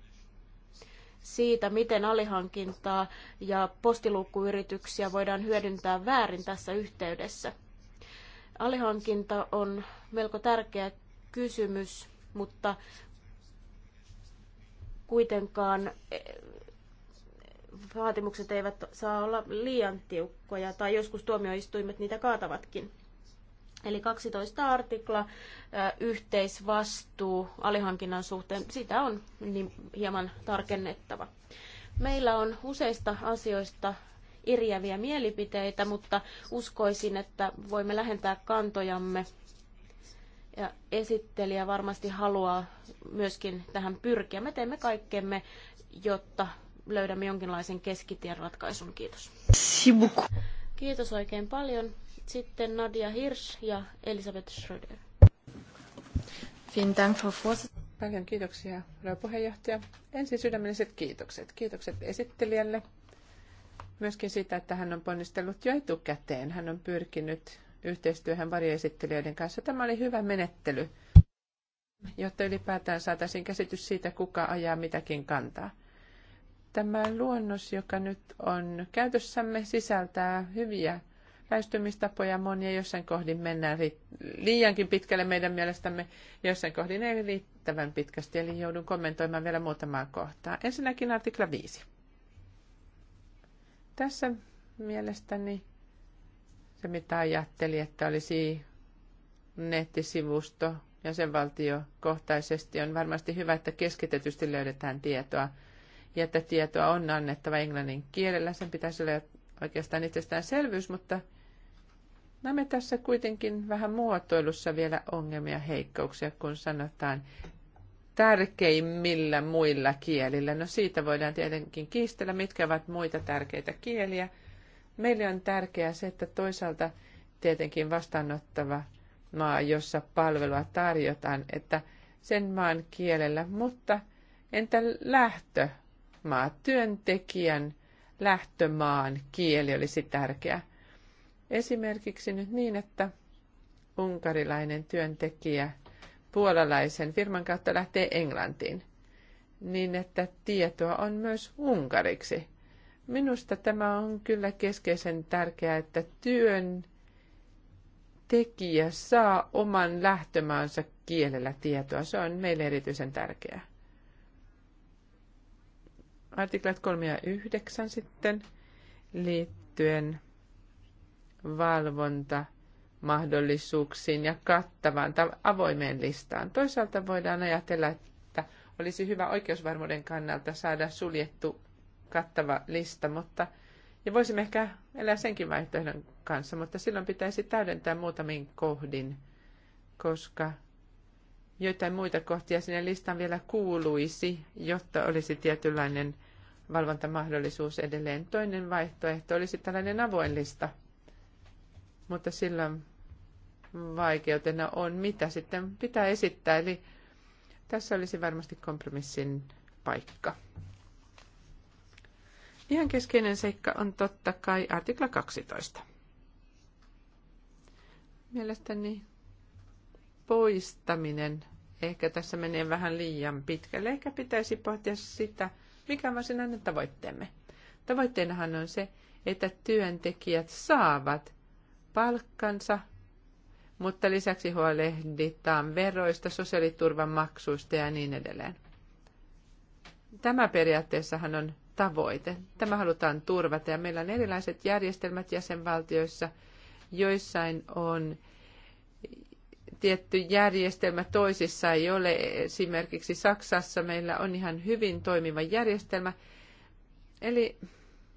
siitä, miten alihankintaa ja postiluukkuyrityksiä voidaan hyödyntää väärin tässä yhteydessä. Alihankinta on melko tärkeä kysymys, mutta kuitenkaan vaatimukset eivät saa olla liian tiukkoja, tai joskus tuomioistuimet niitä kaatavatkin. Eli 12 artikla, yhteisvastuu alihankinnan suhteen, sitä on niin hieman tarkennettava. Meillä on useista asioista eriäviä mielipiteitä, mutta uskoisin, että voimme lähentää kantojamme. Ja esittelijä varmasti haluaa myöskin tähän pyrkiä. Me teemme kaikkemme, jotta löydämme jonkinlaisen keskitien ratkaisun. Kiitos. Kiitos oikein paljon. Sitten Nadia Hirsch ja Elisabeth Schröder. Paljon kiitoksia, puheenjohtaja. Ensin sydämelliset kiitokset. Kiitokset esittelijälle. Myöskin siitä, että hän on ponnistellut jo etukäteen. Hän on pyrkinyt yhteistyöhön varjoesittelijöiden kanssa. Tämä oli hyvä menettely, jotta ylipäätään saataisiin käsitys siitä, kuka ajaa mitäkin kantaa. Tämä luonnos, joka nyt on käytössämme, sisältää hyviä lähestymistapoja monia. Jossain kohdin mennään liiankin pitkälle meidän mielestämme, jossain kohdin ei riittävän pitkästi, eli joudun kommentoimaan vielä muutamaa kohtaa. Ensinnäkin artikla 5. Tässä mielestäni se, mitä ajattelin, että olisi nettisivusto ja valtiokohtaisesti on varmasti hyvä, että keskitetysti löydetään tietoa – ja että tietoa on annettava englannin kielellä. Sen pitäisi olla oikeastaan itsestäänselvyys, mutta näemme tässä kuitenkin vähän muotoilussa vielä ongelmia heikkouksia, kun sanotaan tärkeimmillä muilla kielillä. No siitä voidaan tietenkin kiistellä, mitkä ovat muita tärkeitä kieliä. Meille on tärkeää se, että toisaalta tietenkin vastaanottava maa, jossa palvelua tarjotaan, että sen maan kielellä, mutta entä lähtö työntekijän lähtömaan kieli olisi tärkeä. Esimerkiksi nyt niin, että unkarilainen työntekijä puolalaisen firman kautta lähtee Englantiin, niin että tietoa on myös unkariksi. Minusta tämä on kyllä keskeisen tärkeää, että työn tekijä saa oman lähtömaansa kielellä tietoa. Se on meille erityisen tärkeää. Artiklat 3 ja 9 sitten liittyen valvonta mahdollisuuksiin ja kattavaan avoimeen listaan. Toisaalta voidaan ajatella, että olisi hyvä oikeusvarmuuden kannalta saada suljettu kattava lista, mutta ja voisimme ehkä elää senkin vaihtoehdon kanssa, mutta silloin pitäisi täydentää muutamin kohdin, koska joitain muita kohtia sinne listaan vielä kuuluisi, jotta olisi tietynlainen – valvontamahdollisuus edelleen. Toinen vaihtoehto olisi tällainen avoin lista, mutta sillä vaikeutena on, mitä sitten pitää esittää. Eli tässä olisi varmasti kompromissin paikka. Ihan keskeinen seikka on totta kai artikla 12. Mielestäni poistaminen ehkä tässä menee vähän liian pitkälle. Ehkä pitäisi pohtia sitä, mikä on varsinainen tavoitteemme? Tavoitteenahan on se, että työntekijät saavat palkkansa, mutta lisäksi huolehditaan veroista, sosiaaliturvan maksuista ja niin edelleen. Tämä periaatteessahan on tavoite. Tämä halutaan turvata ja meillä on erilaiset järjestelmät jäsenvaltioissa. Joissain on tietty järjestelmä, toisissa ei ole. Esimerkiksi Saksassa meillä on ihan hyvin toimiva järjestelmä. Eli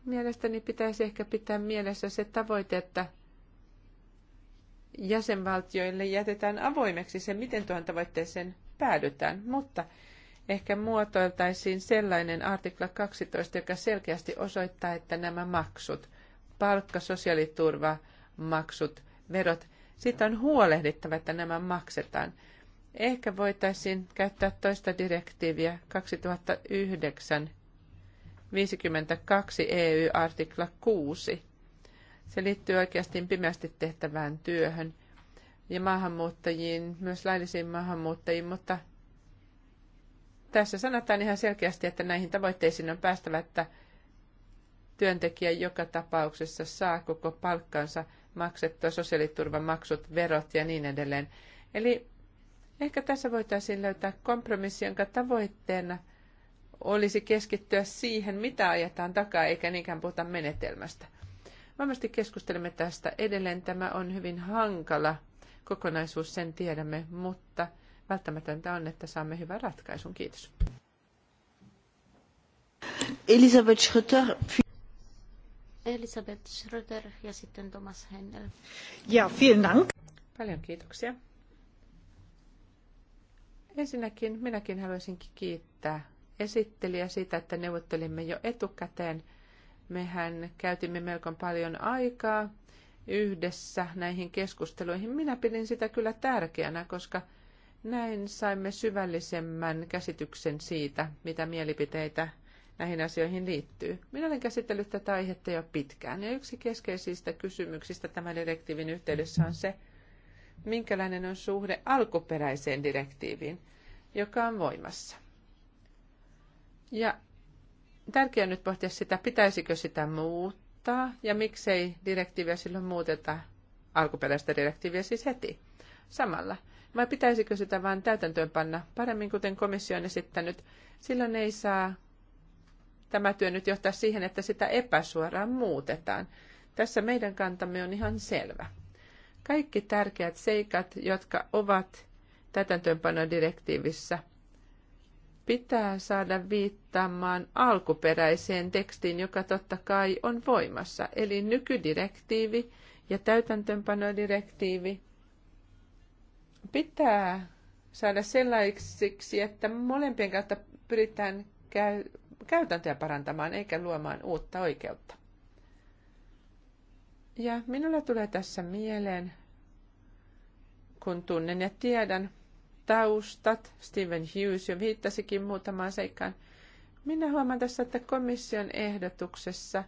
mielestäni pitäisi ehkä pitää mielessä se tavoite, että jäsenvaltioille jätetään avoimeksi se, miten tuohon tavoitteeseen päädytään, mutta ehkä muotoiltaisiin sellainen artikla 12, joka selkeästi osoittaa, että nämä maksut, palkka, sosiaaliturva, maksut, verot – siitä on huolehdittava, että nämä maksetaan. Ehkä voitaisiin käyttää toista direktiiviä 2009 52 EU artikla 6. Se liittyy oikeasti pimeästi tehtävään työhön ja maahanmuuttajiin, myös laillisiin maahanmuuttajiin, mutta tässä sanotaan ihan selkeästi, että näihin tavoitteisiin on päästävä, että työntekijä joka tapauksessa saa koko palkkansa – maksettua sosiaaliturvamaksut, verot ja niin edelleen. Eli ehkä tässä voitaisiin löytää kompromissi, jonka tavoitteena olisi keskittyä siihen, mitä ajetaan takaa, eikä niinkään puhuta menetelmästä. Varmasti keskustelemme tästä edelleen. Tämä on hyvin hankala kokonaisuus, sen tiedämme, mutta välttämätöntä on, että saamme hyvän ratkaisun. Kiitos. Elisabeth Schröter. Elisabeth Schröder ja sitten Thomas Hennel. Ja, vielen Dank. Paljon kiitoksia. Ensinnäkin minäkin haluaisin kiittää esittelijä siitä, että neuvottelimme jo etukäteen. Mehän käytimme melko paljon aikaa yhdessä näihin keskusteluihin. Minä pidin sitä kyllä tärkeänä, koska näin saimme syvällisemmän käsityksen siitä, mitä mielipiteitä näihin asioihin liittyy. Minä olen käsitellyt tätä aihetta jo pitkään, ja yksi keskeisistä kysymyksistä tämän direktiivin yhteydessä on se, minkälainen on suhde alkuperäiseen direktiiviin, joka on voimassa. Ja tärkeää nyt pohtia sitä, pitäisikö sitä muuttaa, ja miksei direktiiviä silloin muuteta alkuperäistä direktiiviä siis heti samalla vai pitäisikö sitä vain panna paremmin, kuten komissio on esittänyt? Silloin ei saa tämä työ nyt johtaa siihen, että sitä epäsuoraan muutetaan. Tässä meidän kantamme on ihan selvä. Kaikki tärkeät seikat, jotka ovat täytäntöönpanodirektiivissä, pitää saada viittaamaan alkuperäiseen tekstiin, joka totta kai on voimassa. Eli nykydirektiivi ja täytäntöönpanodirektiivi pitää saada sellaisiksi, että molempien kautta pyritään käy, käytäntöjä parantamaan eikä luomaan uutta oikeutta. Ja minulla tulee tässä mieleen, kun tunnen ja tiedän taustat, Stephen Hughes jo viittasikin muutamaan seikkaan, minä huomaan tässä, että komission ehdotuksessa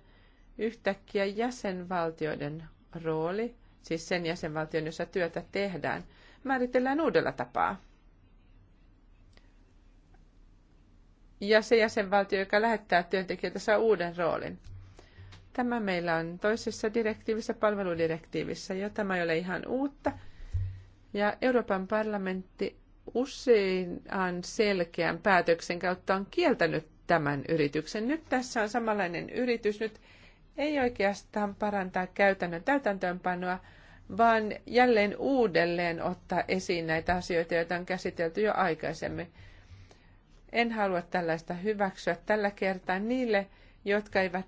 yhtäkkiä jäsenvaltioiden rooli, siis sen jäsenvaltion, jossa työtä tehdään, määritellään uudella tapaa. ja se jäsenvaltio, joka lähettää työntekijöitä, saa uuden roolin. Tämä meillä on toisessa direktiivissä, palveludirektiivissä, ja tämä ei ole ihan uutta. Ja Euroopan parlamentti usein selkeän päätöksen kautta on kieltänyt tämän yrityksen. Nyt tässä on samanlainen yritys. Nyt ei oikeastaan parantaa käytännön täytäntöönpanoa, vaan jälleen uudelleen ottaa esiin näitä asioita, joita on käsitelty jo aikaisemmin. En halua tällaista hyväksyä tällä kertaa niille, jotka eivät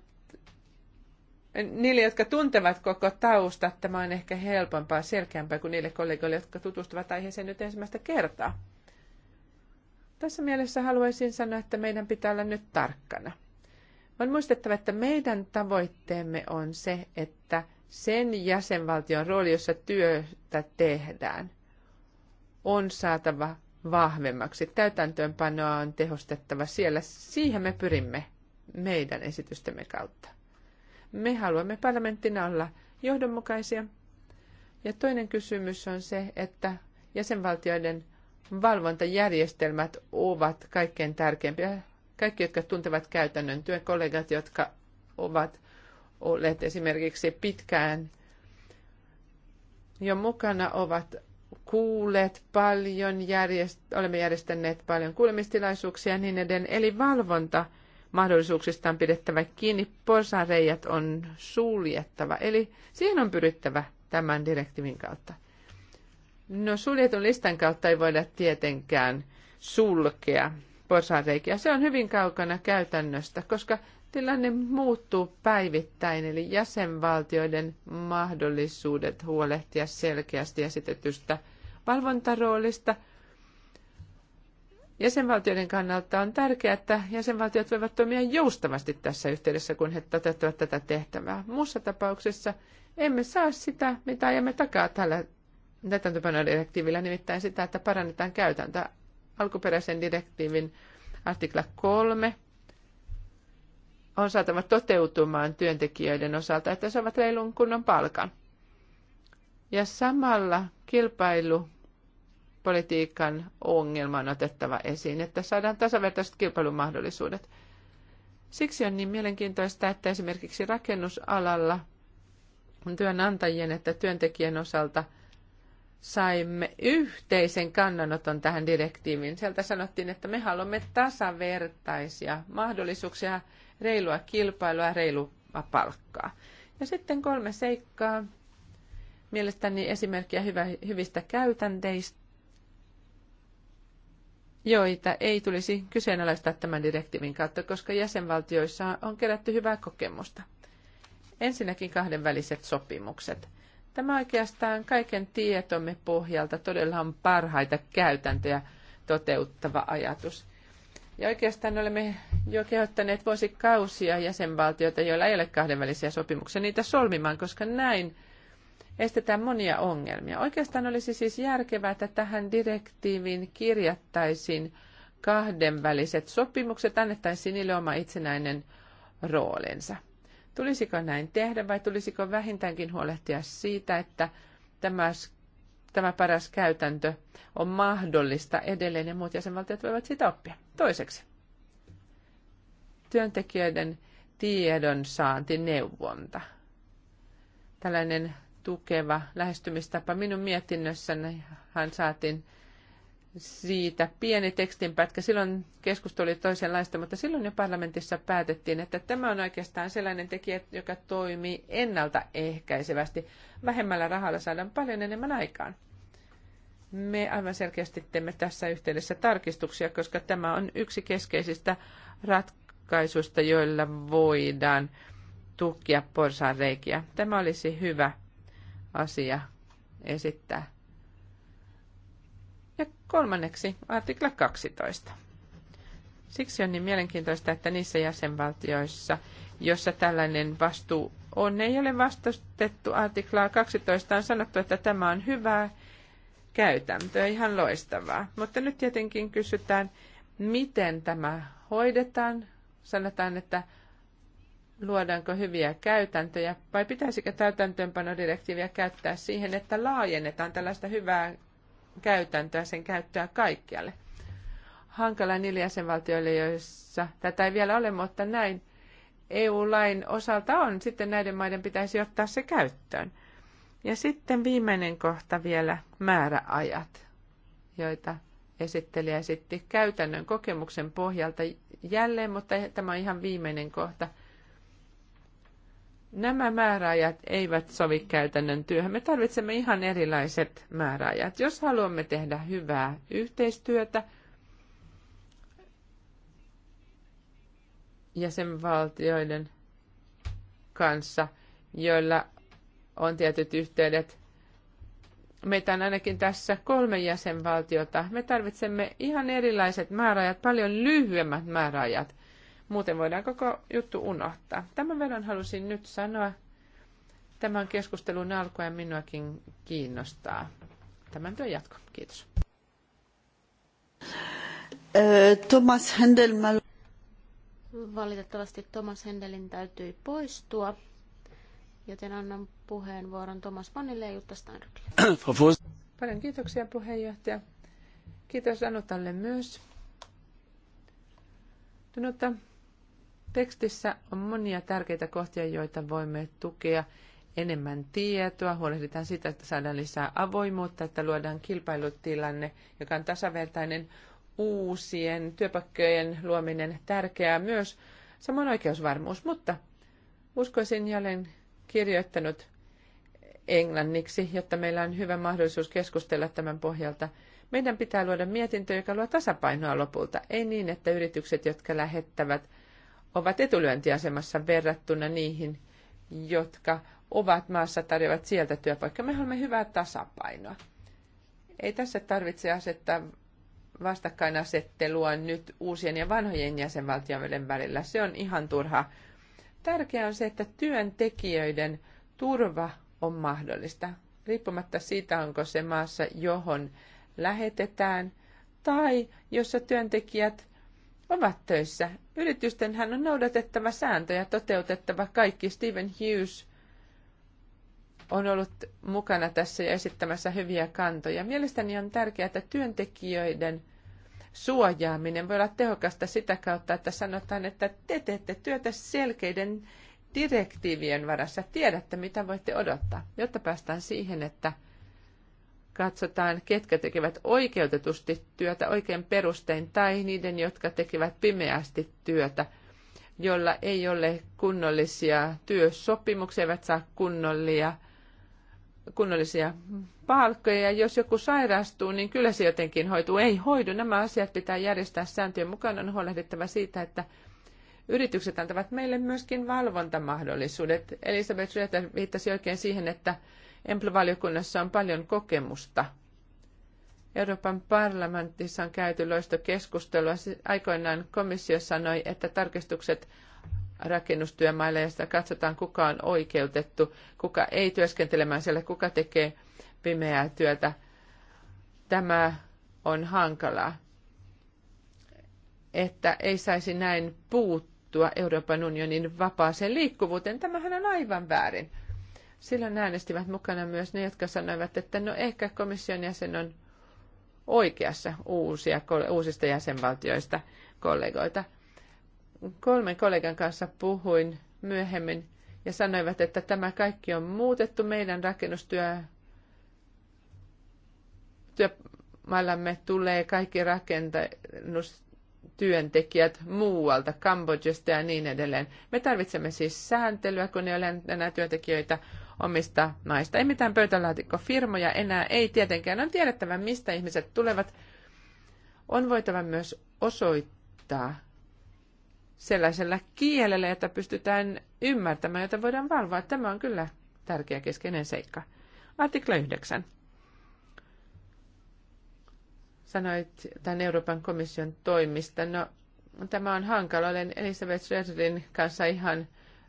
Niille, jotka tuntevat koko tausta, tämä on ehkä helpompaa, selkeämpää kuin niille kollegoille, jotka tutustuvat aiheeseen nyt ensimmäistä kertaa. Tässä mielessä haluaisin sanoa, että meidän pitää olla nyt tarkkana. On muistettava, että meidän tavoitteemme on se, että sen jäsenvaltion rooli, jossa työtä tehdään, on saatava vahvemmaksi. Täytäntöönpanoa on tehostettava siellä. Siihen me pyrimme meidän esitystemme kautta. Me haluamme parlamenttina olla johdonmukaisia. Ja toinen kysymys on se, että jäsenvaltioiden valvontajärjestelmät ovat kaikkein tärkeimpiä. Kaikki, jotka tuntevat käytännön työn kollegat, jotka ovat olleet esimerkiksi pitkään jo mukana, ovat kuulet paljon, järjest- olemme järjestäneet paljon kuulemistilaisuuksia ja niin edelleen. Eli valvonta mahdollisuuksista on pidettävä kiinni, porsareijat on suljettava. Eli siihen on pyrittävä tämän direktiivin kautta. No suljetun listan kautta ei voida tietenkään sulkea porsareikiä. Se on hyvin kaukana käytännöstä, koska tilanne muuttuu päivittäin, eli jäsenvaltioiden mahdollisuudet huolehtia selkeästi esitetystä valvontaroolista. Jäsenvaltioiden kannalta on tärkeää, että jäsenvaltiot voivat toimia joustavasti tässä yhteydessä, kun he toteuttavat tätä tehtävää. Muussa tapauksessa emme saa sitä, mitä ajamme takaa tällä täytäntöpanodirektiivillä, nimittäin sitä, että parannetaan käytäntöä. Alkuperäisen direktiivin artikla 3 on saatava toteutumaan työntekijöiden osalta, että saavat reilun kunnon palkan. Ja samalla kilpailupolitiikan ongelma on otettava esiin, että saadaan tasavertaiset kilpailumahdollisuudet. Siksi on niin mielenkiintoista, että esimerkiksi rakennusalalla työnantajien että työntekijän osalta saimme yhteisen kannanoton tähän direktiiviin. Sieltä sanottiin, että me haluamme tasavertaisia mahdollisuuksia reilua kilpailua, reilua palkkaa. Ja sitten kolme seikkaa. Mielestäni esimerkkiä hyvä, hyvistä käytänteistä, joita ei tulisi kyseenalaistaa tämän direktiivin kautta, koska jäsenvaltioissa on kerätty hyvää kokemusta. Ensinnäkin kahdenväliset sopimukset. Tämä oikeastaan kaiken tietomme pohjalta todella on parhaita käytäntöjä toteuttava ajatus. Ja oikeastaan olemme jo kehottaneet vuosikausia jäsenvaltioita, joilla ei ole kahdenvälisiä sopimuksia, niitä solmimaan, koska näin estetään monia ongelmia. Oikeastaan olisi siis järkevää, että tähän direktiiviin kirjattaisiin kahdenväliset sopimukset, annettaisiin niille oma itsenäinen roolinsa. Tulisiko näin tehdä vai tulisiko vähintäänkin huolehtia siitä, että tämä, tämä paras käytäntö on mahdollista edelleen ja muut jäsenvaltiot voivat sitä oppia? Toiseksi, työntekijöiden tiedon saanti neuvonta. Tällainen tukeva lähestymistapa. Minun mietinnössäni hän saatiin siitä pieni tekstinpätkä. Silloin keskustelu oli toisenlaista, mutta silloin jo parlamentissa päätettiin, että tämä on oikeastaan sellainen tekijä, joka toimii ennaltaehkäisevästi. Vähemmällä rahalla saadaan paljon enemmän aikaan. Me aivan selkeästi teemme tässä yhteydessä tarkistuksia, koska tämä on yksi keskeisistä ratkaisuista, joilla voidaan tukkia reikiä. Tämä olisi hyvä asia esittää. Ja kolmanneksi artikla 12. Siksi on niin mielenkiintoista, että niissä jäsenvaltioissa, jossa tällainen vastuu on, ei ole vastustettu artiklaa 12, on sanottu, että tämä on hyvää käytäntö. ihan loistavaa. Mutta nyt tietenkin kysytään, miten tämä hoidetaan. Sanotaan, että luodaanko hyviä käytäntöjä vai pitäisikö täytäntöönpanodirektiiviä käyttää siihen, että laajennetaan tällaista hyvää käytäntöä, sen käyttöä kaikkialle. Hankala niille jäsenvaltioille, joissa tätä ei vielä ole, mutta näin EU-lain osalta on. Sitten näiden maiden pitäisi ottaa se käyttöön. Ja sitten viimeinen kohta vielä, määräajat, joita esittelijä esitti käytännön kokemuksen pohjalta jälleen, mutta eh, tämä on ihan viimeinen kohta. Nämä määräajat eivät sovi käytännön työhön. Me tarvitsemme ihan erilaiset määräajat. Jos haluamme tehdä hyvää yhteistyötä, jäsenvaltioiden kanssa, joilla on tietyt yhteydet. Meitä on ainakin tässä kolme jäsenvaltiota. Me tarvitsemme ihan erilaiset määräajat, paljon lyhyemmät määräajat. Muuten voidaan koko juttu unohtaa. Tämän verran halusin nyt sanoa. Tämän keskustelun alku ja minuakin kiinnostaa. Tämän työn jatko. Kiitos. Thomas Händel. Valitettavasti Thomas Händelin täytyi poistua joten annan puheenvuoron Thomas Pannille ja Jutta Steinrykille. Paljon kiitoksia puheenjohtaja. Kiitos Anutalle myös. Anutta, no, tekstissä on monia tärkeitä kohtia, joita voimme tukea enemmän tietoa, huolehditaan sitä että saadaan lisää avoimuutta, että luodaan kilpailutilanne, joka on tasavertainen, uusien työpaikkojen luominen tärkeää myös, samoin oikeusvarmuus, mutta uskoisin jälleen kirjoittanut englanniksi, jotta meillä on hyvä mahdollisuus keskustella tämän pohjalta. Meidän pitää luoda mietintö, joka luo tasapainoa lopulta. Ei niin, että yritykset, jotka lähettävät, ovat etulyöntiasemassa verrattuna niihin, jotka ovat maassa tarjoavat sieltä työpaikkaa. Me haluamme hyvää tasapainoa. Ei tässä tarvitse asettaa vastakkainasettelua nyt uusien ja vanhojen jäsenvaltioiden välillä. Se on ihan turha Tärkeää on se, että työntekijöiden turva on mahdollista, riippumatta siitä, onko se maassa, johon lähetetään, tai jossa työntekijät ovat töissä. Yritystenhän on noudatettava sääntöjä, toteutettava kaikki. Stephen Hughes on ollut mukana tässä ja esittämässä hyviä kantoja. Mielestäni on tärkeää, että työntekijöiden – suojaaminen voi olla tehokasta sitä kautta, että sanotaan, että te teette työtä selkeiden direktiivien varassa. Tiedätte, mitä voitte odottaa, jotta päästään siihen, että katsotaan, ketkä tekevät oikeutetusti työtä oikein perustein tai niiden, jotka tekevät pimeästi työtä, jolla ei ole kunnollisia työsopimuksia, eivät saa kunnollia kunnollisia palkkoja. Ja jos joku sairastuu, niin kyllä se jotenkin hoituu. Ei hoidu. Nämä asiat pitää järjestää sääntöjen mukaan. On huolehdittava siitä, että yritykset antavat meille myöskin valvontamahdollisuudet. Elisabeth Schröter viittasi oikein siihen, että Empl-valiokunnassa on paljon kokemusta. Euroopan parlamentissa on käyty loistokeskustelua. Aikoinaan komissio sanoi, että tarkistukset rakennustyömailla ja sitä katsotaan, kuka on oikeutettu, kuka ei työskentelemään siellä, kuka tekee pimeää työtä. Tämä on hankalaa, että ei saisi näin puuttua Euroopan unionin vapaaseen liikkuvuuteen. Tämähän on aivan väärin. Silloin äänestivät mukana myös ne, jotka sanoivat, että no ehkä komission jäsen on oikeassa uusia, uusista jäsenvaltioista kollegoita kolmen kollegan kanssa puhuin myöhemmin ja sanoivat, että tämä kaikki on muutettu meidän rakennustyö työmaillamme tulee kaikki rakennustyöntekijät muualta, Kambodžasta ja niin edelleen. Me tarvitsemme siis sääntelyä, kun ei ole enää työntekijöitä omista maista. Ei mitään pöytälaatikkofirmoja enää, ei tietenkään. On tiedettävä, mistä ihmiset tulevat. On voitava myös osoittaa, sellaisella kielellä, jota pystytään ymmärtämään, jota voidaan valvoa. Tämä on kyllä tärkeä keskeinen seikka. Artikla 9. Sanoit tämän Euroopan komission toimista. No, tämä on hankala. Olen Elisabeth Schröderin kanssa ihan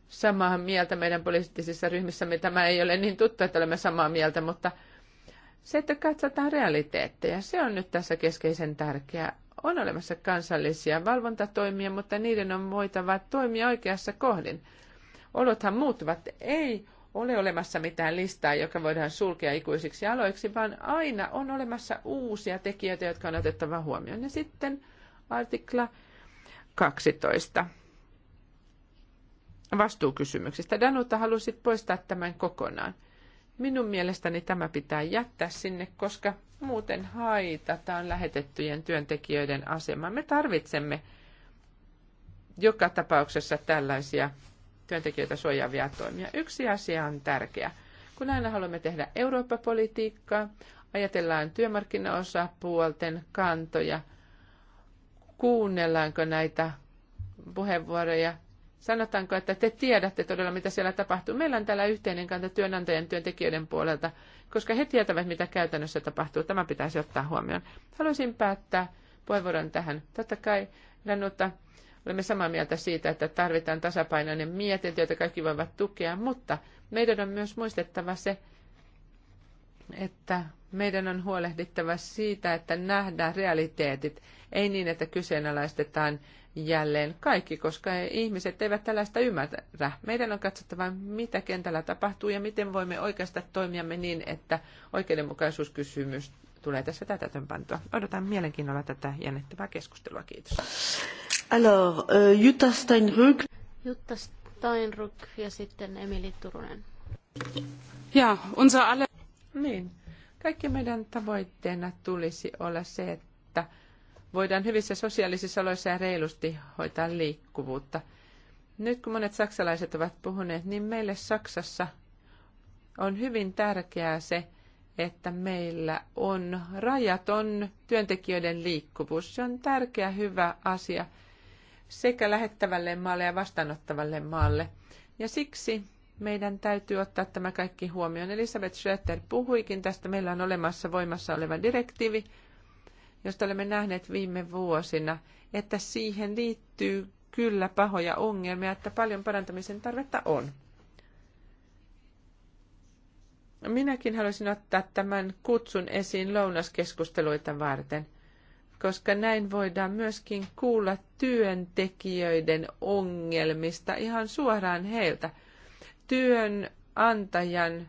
samaa mieltä meidän poliittisissa ryhmissämme. Tämä ei ole niin tuttu, että olemme samaa mieltä, mutta se, että katsotaan realiteetteja, se on nyt tässä keskeisen tärkeää on olemassa kansallisia valvontatoimia, mutta niiden on voitava toimia oikeassa kohdin. Olothan muuttuvat. Ei ole olemassa mitään listaa, joka voidaan sulkea ikuisiksi aloiksi, vaan aina on olemassa uusia tekijöitä, jotka on otettava huomioon. Ja sitten artikla 12 vastuukysymyksistä. Danuta halusit poistaa tämän kokonaan. Minun mielestäni tämä pitää jättää sinne, koska muuten haitataan lähetettyjen työntekijöiden asemaa. Me tarvitsemme joka tapauksessa tällaisia työntekijöitä suojaavia toimia. Yksi asia on tärkeä. Kun aina haluamme tehdä Eurooppa-politiikkaa, ajatellaan työmarkkinaosapuolten kantoja, kuunnellaanko näitä puheenvuoroja Sanotaanko, että te tiedätte todella, mitä siellä tapahtuu? Meillä on täällä yhteinen kanta työnantajan työntekijöiden puolelta, koska he tietävät, mitä käytännössä tapahtuu. Tämä pitäisi ottaa huomioon. Haluaisin päättää puheenvuoron tähän. Totta kai, Lannutta, olemme samaa mieltä siitä, että tarvitaan tasapainoinen mietintö, jota kaikki voivat tukea, mutta meidän on myös muistettava se, että meidän on huolehdittava siitä, että nähdään realiteetit, ei niin, että kyseenalaistetaan jälleen kaikki, koska ihmiset eivät tällaista ymmärrä. Meidän on katsottava, mitä kentällä tapahtuu ja miten voimme oikeasta toimiamme niin, että oikeudenmukaisuuskysymys tulee tässä täytäntöönpantoa. Odotan mielenkiinnolla tätä jännittävää keskustelua. Kiitos. Alors, euh, Jutta Steinruck. Jutta Steinruck ja sitten Emili Turunen. Ja, unser alle... Niin. Kaikki meidän tavoitteena tulisi olla se, että voidaan hyvissä sosiaalisissa oloissa ja reilusti hoitaa liikkuvuutta. Nyt kun monet saksalaiset ovat puhuneet, niin meille Saksassa on hyvin tärkeää se, että meillä on rajaton työntekijöiden liikkuvuus. Se on tärkeä hyvä asia sekä lähettävälle maalle ja vastaanottavalle maalle. Ja siksi meidän täytyy ottaa tämä kaikki huomioon. Elisabeth Schröter puhuikin tästä. Meillä on olemassa voimassa oleva direktiivi, josta olemme nähneet viime vuosina, että siihen liittyy kyllä pahoja ongelmia, että paljon parantamisen tarvetta on. Minäkin haluaisin ottaa tämän kutsun esiin lounaskeskusteluita varten, koska näin voidaan myöskin kuulla työntekijöiden ongelmista ihan suoraan heiltä. Työnantajan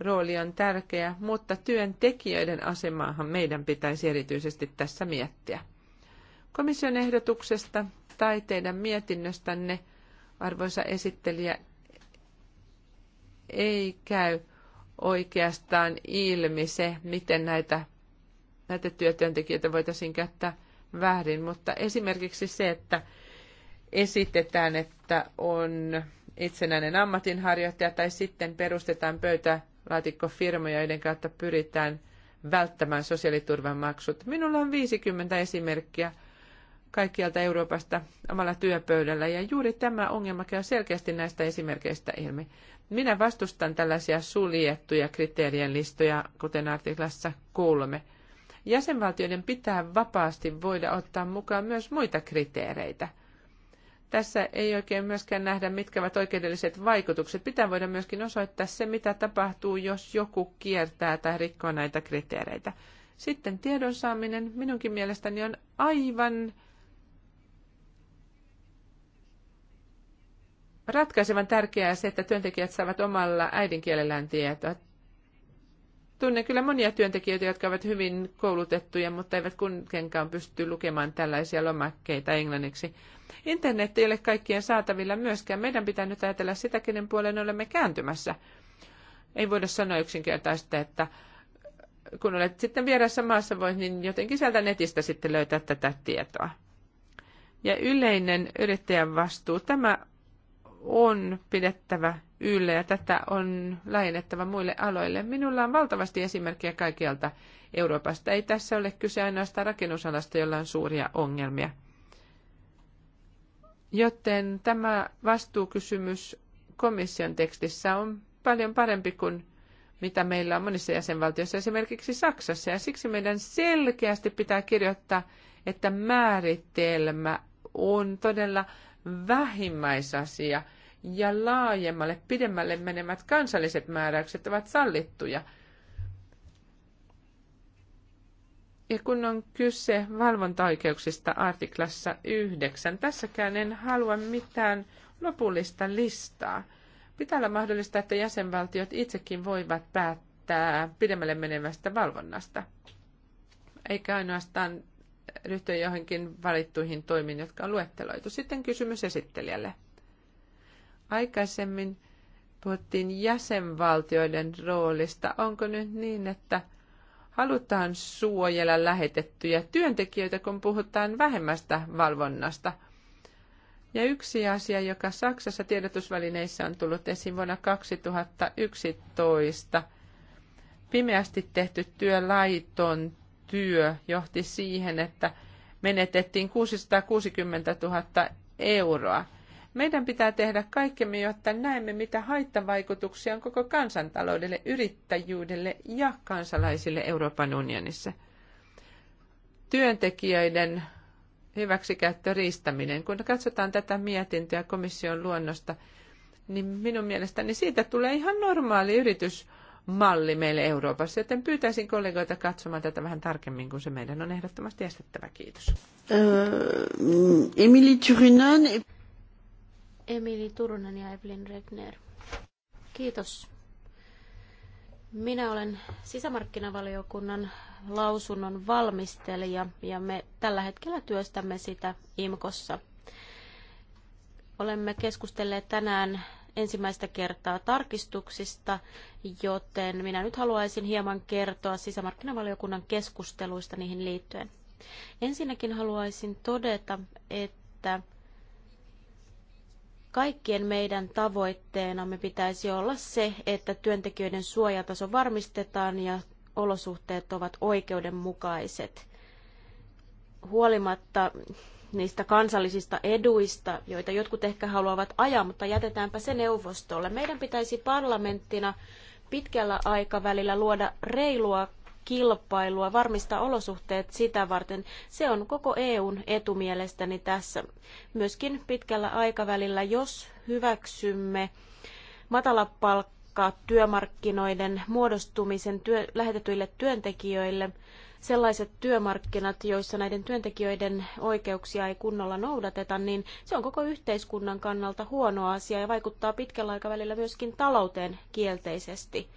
rooli on tärkeä, mutta työntekijöiden asemaahan meidän pitäisi erityisesti tässä miettiä. Komission ehdotuksesta tai teidän mietinnöstänne, arvoisa esittelijä, ei käy oikeastaan ilmi se, miten näitä, näitä työtyöntekijöitä voitaisiin käyttää väärin, mutta esimerkiksi se, että esitetään, että on itsenäinen ammatinharjoittaja tai sitten perustetaan pöytä laatikkofirmoja, joiden kautta pyritään välttämään sosiaaliturvan maksut. Minulla on 50 esimerkkiä kaikkialta Euroopasta omalla työpöydällä ja juuri tämä ongelma käy selkeästi näistä esimerkkeistä ilmi. Minä vastustan tällaisia suljettuja kriteerien listoja, kuten artiklassa kuulumme. Jäsenvaltioiden pitää vapaasti voida ottaa mukaan myös muita kriteereitä – tässä ei oikein myöskään nähdä, mitkä ovat oikeudelliset vaikutukset. Pitää voida myöskin osoittaa se, mitä tapahtuu, jos joku kiertää tai rikkoo näitä kriteereitä. Sitten tiedon saaminen minunkin mielestäni on aivan ratkaisevan tärkeää se, että työntekijät saavat omalla äidinkielellään tietoa. Tunnen kyllä monia työntekijöitä, jotka ovat hyvin koulutettuja, mutta eivät kuitenkaan pysty lukemaan tällaisia lomakkeita englanniksi. Internet ei ole kaikkien saatavilla myöskään. Meidän pitää nyt ajatella sitä, kenen puoleen olemme kääntymässä. Ei voida sanoa yksinkertaisesti, että kun olet sitten vieressä maassa, voit niin jotenkin sieltä netistä sitten löytää tätä tietoa. Ja yleinen yrittäjän vastuu, tämä on pidettävä yllä ja tätä on laajennettava muille aloille. Minulla on valtavasti esimerkkejä kaikkialta Euroopasta. Ei tässä ole kyse ainoastaan rakennusalasta, jolla on suuria ongelmia. Joten tämä vastuukysymys komission tekstissä on paljon parempi kuin mitä meillä on monissa jäsenvaltioissa, esimerkiksi Saksassa. Ja siksi meidän selkeästi pitää kirjoittaa, että määritelmä on todella vähimmäisasia ja laajemmalle, pidemmälle menemät kansalliset määräykset ovat sallittuja – Ja kun on kyse valvontaoikeuksista artiklassa 9, tässäkään en halua mitään lopullista listaa. Pitää olla mahdollista, että jäsenvaltiot itsekin voivat päättää pidemmälle menevästä valvonnasta, eikä ainoastaan ryhtyä johonkin valittuihin toimiin, jotka on luetteloitu. Sitten kysymys esittelijälle. Aikaisemmin puhuttiin jäsenvaltioiden roolista. Onko nyt niin, että – halutaan suojella lähetettyjä työntekijöitä, kun puhutaan vähemmästä valvonnasta. Ja yksi asia, joka Saksassa tiedotusvälineissä on tullut esiin vuonna 2011, pimeästi tehty työ, laiton työ johti siihen, että menetettiin 660 000 euroa. Meidän pitää tehdä kaikkemme, jotta näemme, mitä haittavaikutuksia on koko kansantaloudelle, yrittäjyydelle ja kansalaisille Euroopan unionissa. Työntekijöiden hyväksikäyttö riistäminen. Kun katsotaan tätä mietintöä komission luonnosta, niin minun mielestäni siitä tulee ihan normaali yritysmalli meille Euroopassa, joten pyytäisin kollegoita katsomaan tätä vähän tarkemmin, kun se meidän on ehdottomasti estettävä. Kiitos. Emily Turunen. Emili Turunen ja Evelyn Regner. Kiitos. Minä olen sisämarkkinavaliokunnan lausunnon valmistelija ja me tällä hetkellä työstämme sitä IMKossa. Olemme keskustelleet tänään ensimmäistä kertaa tarkistuksista, joten minä nyt haluaisin hieman kertoa sisämarkkinavaliokunnan keskusteluista niihin liittyen. Ensinnäkin haluaisin todeta, että Kaikkien meidän tavoitteenamme pitäisi olla se, että työntekijöiden suojataso varmistetaan ja olosuhteet ovat oikeudenmukaiset. Huolimatta niistä kansallisista eduista, joita jotkut ehkä haluavat ajaa, mutta jätetäänpä se neuvostolle. Meidän pitäisi parlamenttina pitkällä aikavälillä luoda reilua kilpailua, varmistaa olosuhteet sitä varten. Se on koko EUn etu mielestäni tässä. Myöskin pitkällä aikavälillä, jos hyväksymme matalapalkkaa työmarkkinoiden muodostumisen työ, lähetetyille työntekijöille, sellaiset työmarkkinat, joissa näiden työntekijöiden oikeuksia ei kunnolla noudateta, niin se on koko yhteiskunnan kannalta huono asia ja vaikuttaa pitkällä aikavälillä myöskin talouteen kielteisesti.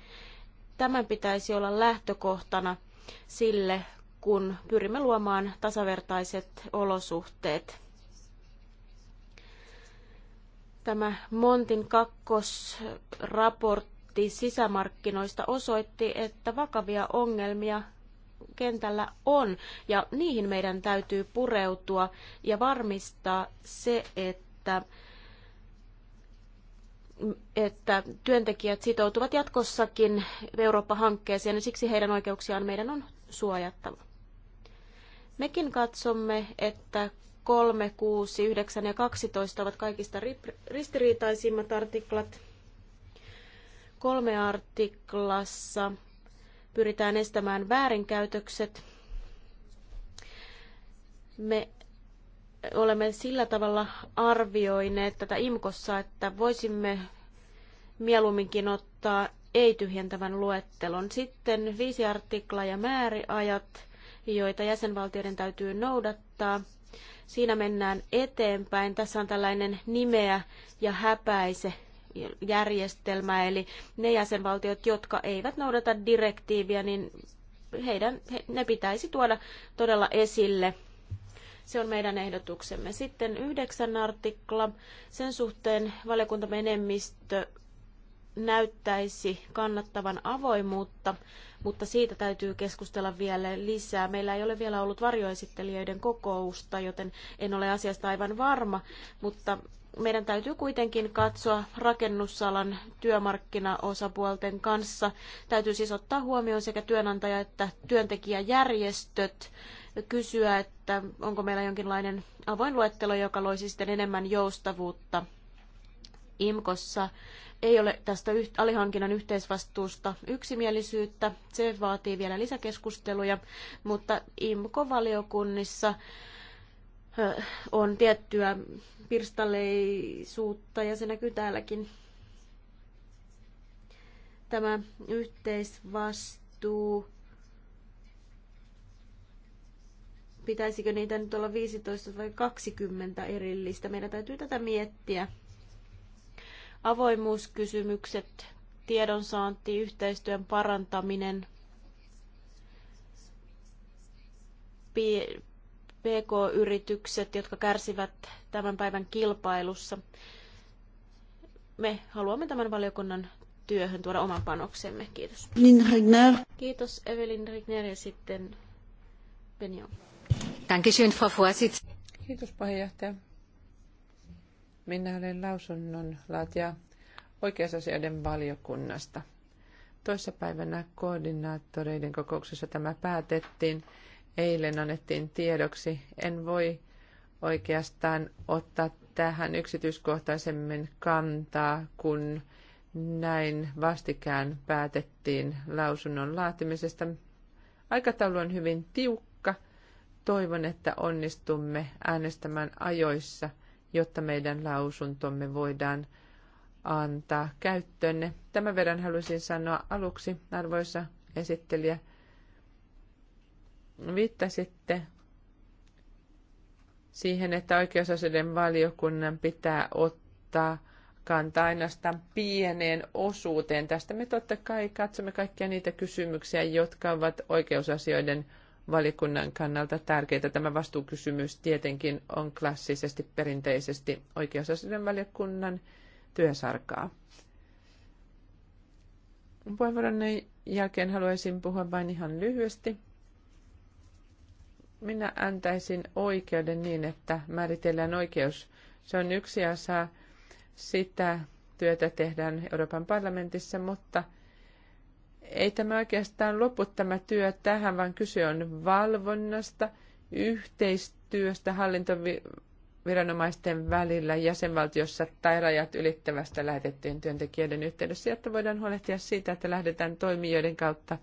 Tämän pitäisi olla lähtökohtana sille, kun pyrimme luomaan tasavertaiset olosuhteet. Tämä Montin kakkosraportti sisämarkkinoista osoitti, että vakavia ongelmia kentällä on, ja niihin meidän täytyy pureutua ja varmistaa se, että että työntekijät sitoutuvat jatkossakin Eurooppa-hankkeeseen ja niin siksi heidän oikeuksiaan meidän on suojattava. Mekin katsomme, että 3, 6, 9 ja 12 ovat kaikista ristiriitaisimmat artiklat. Kolme artiklassa pyritään estämään väärinkäytökset. Me olemme sillä tavalla arvioineet tätä IMKossa, että voisimme mieluumminkin ottaa ei-tyhjentävän luettelon. Sitten viisi artiklaa ja määriajat, joita jäsenvaltioiden täytyy noudattaa. Siinä mennään eteenpäin. Tässä on tällainen nimeä ja häpäise järjestelmä, eli ne jäsenvaltiot, jotka eivät noudata direktiiviä, niin heidän, he, ne pitäisi tuoda todella esille se on meidän ehdotuksemme. Sitten yhdeksän artikla. Sen suhteen valiokunta enemmistö näyttäisi kannattavan avoimuutta, mutta siitä täytyy keskustella vielä lisää. Meillä ei ole vielä ollut varjoesittelijöiden kokousta, joten en ole asiasta aivan varma, mutta meidän täytyy kuitenkin katsoa rakennusalan työmarkkinaosapuolten kanssa. Täytyy siis ottaa huomioon sekä työnantaja- että työntekijäjärjestöt kysyä, että onko meillä jonkinlainen avoin luettelo, joka loisi sitten enemmän joustavuutta IMKossa ei ole tästä alihankinnan yhteisvastuusta yksimielisyyttä. Se vaatii vielä lisäkeskusteluja, mutta IMKO-valiokunnissa on tiettyä pirstaleisuutta ja se näkyy täälläkin. Tämä yhteisvastuu Pitäisikö niitä nyt olla 15 vai 20 erillistä? Meidän täytyy tätä miettiä. Avoimuuskysymykset, tiedonsaanti, yhteistyön parantaminen, PK-yritykset, jotka kärsivät tämän päivän kilpailussa. Me haluamme tämän valiokunnan työhön tuoda oman panoksemme. Kiitos. Kiitos Evelyn Rigner ja sitten Benjo. Kiitos puheenjohtaja. Minä olen lausunnon oikeusasioiden valiokunnasta. Toissapäivänä koordinaattoreiden kokouksessa tämä päätettiin. Eilen annettiin tiedoksi. En voi oikeastaan ottaa tähän yksityiskohtaisemmin kantaa, kun näin vastikään päätettiin lausunnon laatimisesta. Aikataulu on hyvin tiukka Toivon, että onnistumme äänestämään ajoissa, jotta meidän lausuntomme voidaan antaa käyttöönne. Tämän verran haluaisin sanoa aluksi, arvoisa esittelijä. Viittasitte siihen, että oikeusasioiden valiokunnan pitää ottaa kantaa ainoastaan pieneen osuuteen. Tästä me totta kai katsomme kaikkia niitä kysymyksiä, jotka ovat oikeusasioiden valiokunnan kannalta tärkeitä. Tämä vastuukysymys tietenkin on klassisesti perinteisesti oikeusasioiden valiokunnan työsarkaa. Puheenvuoron jälkeen haluaisin puhua vain ihan lyhyesti. Minä antaisin oikeuden niin, että määritellään oikeus. Se on yksi osa sitä työtä tehdään Euroopan parlamentissa, mutta – ei tämä oikeastaan lopu tämä työ tähän, vaan kyse on valvonnasta, yhteistyöstä hallintoviranomaisten välillä jäsenvaltiossa tai rajat ylittävästä lähetettyjen työntekijöiden yhteydessä, jotta voidaan huolehtia siitä, että lähdetään toimijoiden kautta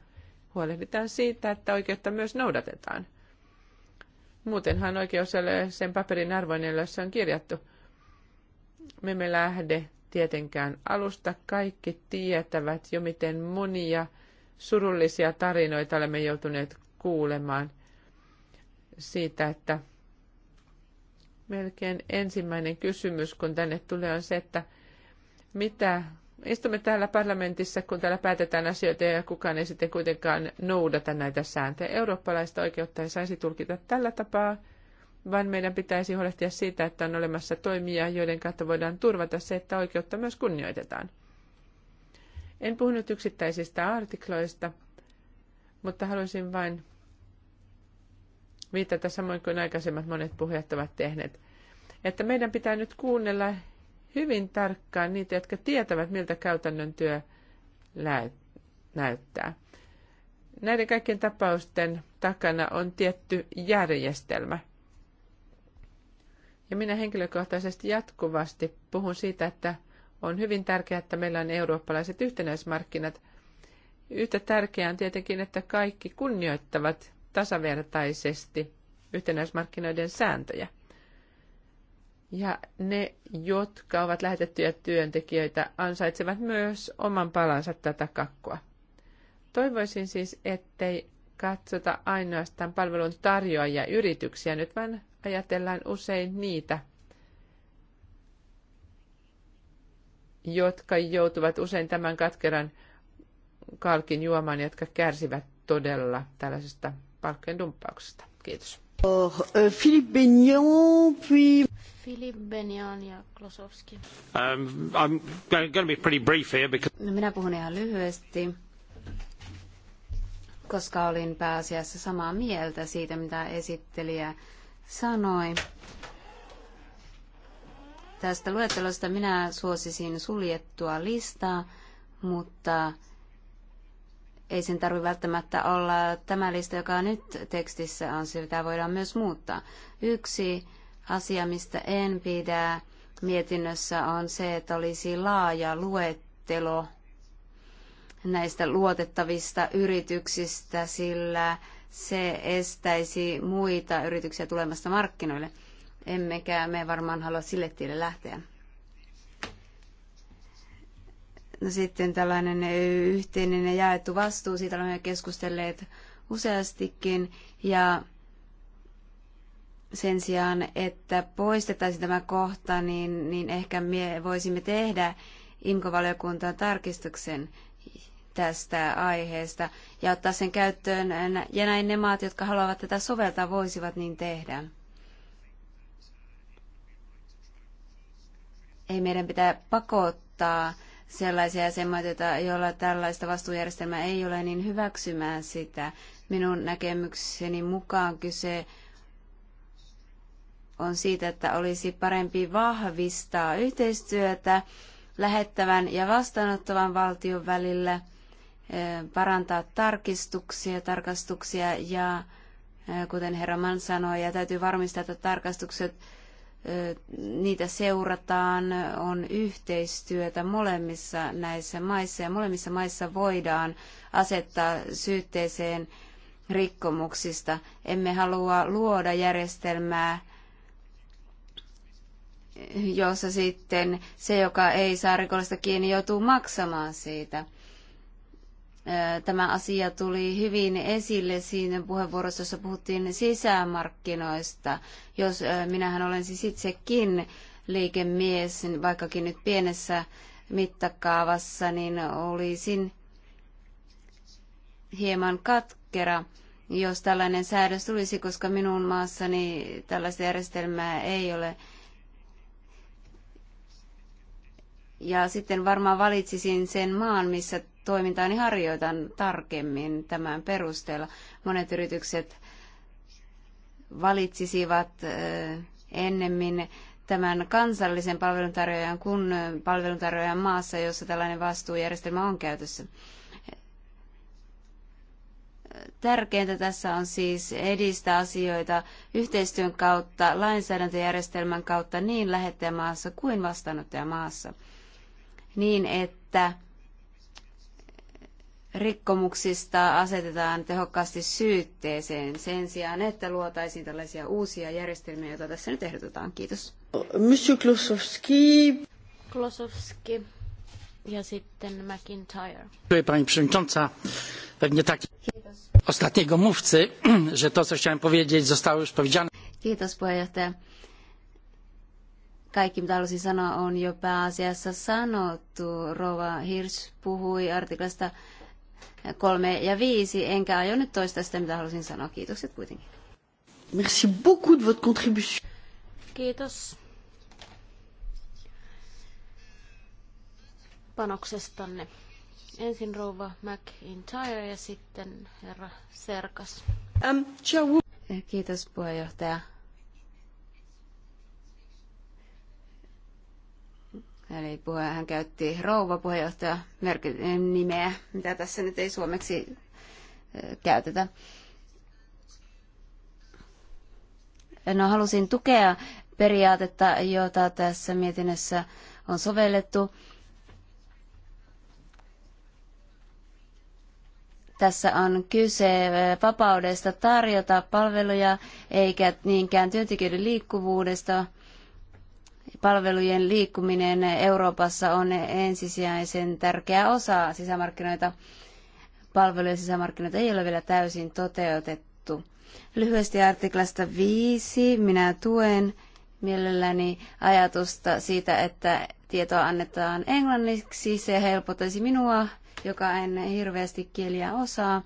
huolehditaan siitä, että oikeutta myös noudatetaan. Muutenhan oikeus ei ole sen paperin arvoinen, jossa on kirjattu. Me emme lähde tietenkään alusta. Kaikki tietävät jo, miten monia surullisia tarinoita olemme joutuneet kuulemaan siitä, että melkein ensimmäinen kysymys, kun tänne tulee, on se, että mitä istumme täällä parlamentissa, kun täällä päätetään asioita ja kukaan ei sitten kuitenkaan noudata näitä sääntöjä. Eurooppalaista oikeutta ei saisi tulkita tällä tapaa, vaan meidän pitäisi huolehtia siitä, että on olemassa toimia, joiden kautta voidaan turvata se, että oikeutta myös kunnioitetaan. En puhunut yksittäisistä artikloista, mutta haluaisin vain viitata samoin kuin aikaisemmat monet puhujat ovat tehneet, että meidän pitää nyt kuunnella hyvin tarkkaan niitä, jotka tietävät, miltä käytännön työ näyttää. Näiden kaikkien tapausten takana on tietty järjestelmä – ja minä henkilökohtaisesti jatkuvasti puhun siitä, että on hyvin tärkeää, että meillä on eurooppalaiset yhtenäismarkkinat. Yhtä tärkeää on tietenkin, että kaikki kunnioittavat tasavertaisesti yhtenäismarkkinoiden sääntöjä. Ja ne, jotka ovat lähetettyjä työntekijöitä, ansaitsevat myös oman palansa tätä kakkua. Toivoisin siis, ettei katsota ainoastaan palvelun tarjoajia yrityksiä nyt, vaan ajatellaan usein niitä, jotka joutuvat usein tämän katkeran kalkin juomaan, jotka kärsivät todella tällaisesta palkkojen dumppauksesta. Kiitos. Oh, eh, Philippe Benyon, puis... Philippe Benyon ja Klosowski. Um, I'm going to be pretty brief here because... No, minä puhun ihan lyhyesti, koska olin pääasiassa samaa mieltä siitä, mitä esittelijä sanoi tästä luettelosta, minä suosisin suljettua listaa, mutta ei sen tarvitse välttämättä olla tämä lista, joka nyt tekstissä on, sitä voidaan myös muuttaa. Yksi asia, mistä en pidä mietinnössä, on se, että olisi laaja luettelo näistä luotettavista yrityksistä, sillä se estäisi muita yrityksiä tulemasta markkinoille. Emmekä me varmaan halua sille tielle lähteä. No sitten tällainen yhteinen ja jaettu vastuu, siitä olemme keskustelleet useastikin. Ja sen sijaan, että poistettaisiin tämä kohta, niin, niin ehkä me voisimme tehdä imkovaliokuntaan tarkistuksen tästä aiheesta ja ottaa sen käyttöön, ja näin ne maat, jotka haluavat tätä soveltaa, voisivat niin tehdä. Ei meidän pitää pakottaa sellaisia jäsenmaita, joilla tällaista vastuujärjestelmää ei ole, niin hyväksymään sitä. Minun näkemykseni mukaan kyse on siitä, että olisi parempi vahvistaa yhteistyötä lähettävän ja vastaanottavan valtion välillä – parantaa tarkistuksia, tarkastuksia ja kuten herra Man sanoi, ja täytyy varmistaa, että tarkastukset, niitä seurataan, on yhteistyötä molemmissa näissä maissa ja molemmissa maissa voidaan asettaa syytteeseen rikkomuksista. Emme halua luoda järjestelmää, jossa sitten se, joka ei saa rikollista kiinni, joutuu maksamaan siitä – Tämä asia tuli hyvin esille siinä puheenvuorossa, jossa puhuttiin sisämarkkinoista. Jos minähän olen siis itsekin liikemies, vaikkakin nyt pienessä mittakaavassa, niin olisin hieman katkera, jos tällainen säädös tulisi, koska minun maassani tällaista järjestelmää ei ole. Ja sitten varmaan valitsisin sen maan, missä toimintaani niin harjoitan tarkemmin tämän perusteella. Monet yritykset valitsisivat ennemmin tämän kansallisen palveluntarjoajan kuin palveluntarjoajan maassa, jossa tällainen vastuujärjestelmä on käytössä. Tärkeintä tässä on siis edistää asioita yhteistyön kautta, lainsäädäntöjärjestelmän kautta niin lähettäjämaassa kuin vastaanottajamaassa, niin että rikkomuksista asetetaan tehokkaasti syytteeseen sen sijaan, että luotaisiin tällaisia uusia järjestelmiä, joita tässä nyt ehdotetaan. Kiitos. Monsieur Klosowski. Klosowski ja sitten McIntyre. Kiitos. ostatniego mówcy, że to, co chciałem powiedzieć, zostało już powiedziane. Kiitos puheenjohtaja. Kaikki, mitä halusin sanoa, on jo pääasiassa sanottu. Rova Hirsch puhui artiklasta kolme ja viisi, enkä aio nyt toistaa sitä, mitä halusin sanoa. Kiitokset kuitenkin. Merci beaucoup de votre contribution. Kiitos panoksestanne. Ensin rouva McIntyre ja sitten herra Serkas. Um, Kiitos puheenjohtaja. Eli puhe, hän käytti rouva puheenjohtaja nimeä, mitä tässä nyt ei suomeksi käytetä. No, halusin tukea periaatetta, jota tässä mietinnössä on sovellettu. Tässä on kyse vapaudesta tarjota palveluja eikä niinkään työntekijöiden liikkuvuudesta – palvelujen liikkuminen Euroopassa on ensisijaisen tärkeä osa sisämarkkinoita. Palvelujen sisämarkkinoita ei ole vielä täysin toteutettu. Lyhyesti artiklasta 5. Minä tuen mielelläni ajatusta siitä, että tietoa annetaan englanniksi. Se helpottaisi minua, joka en hirveästi kieliä osaa.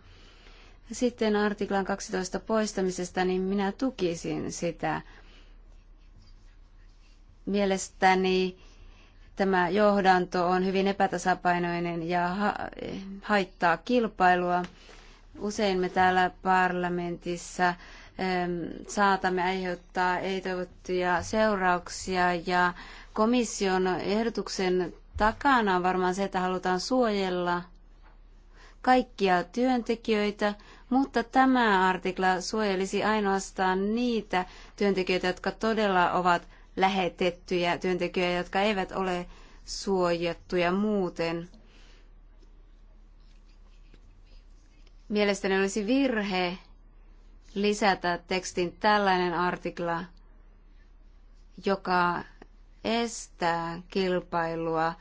Sitten artiklan 12 poistamisesta, niin minä tukisin sitä Mielestäni tämä johdanto on hyvin epätasapainoinen ja ha- haittaa kilpailua. Usein me täällä parlamentissa saatamme aiheuttaa ei-toivottuja seurauksia ja komission ehdotuksen takana on varmaan se, että halutaan suojella kaikkia työntekijöitä, mutta tämä artikla suojelisi ainoastaan niitä työntekijöitä, jotka todella ovat lähetettyjä työntekijöitä, jotka eivät ole suojattuja muuten. Mielestäni olisi virhe lisätä tekstin tällainen artikla, joka estää kilpailua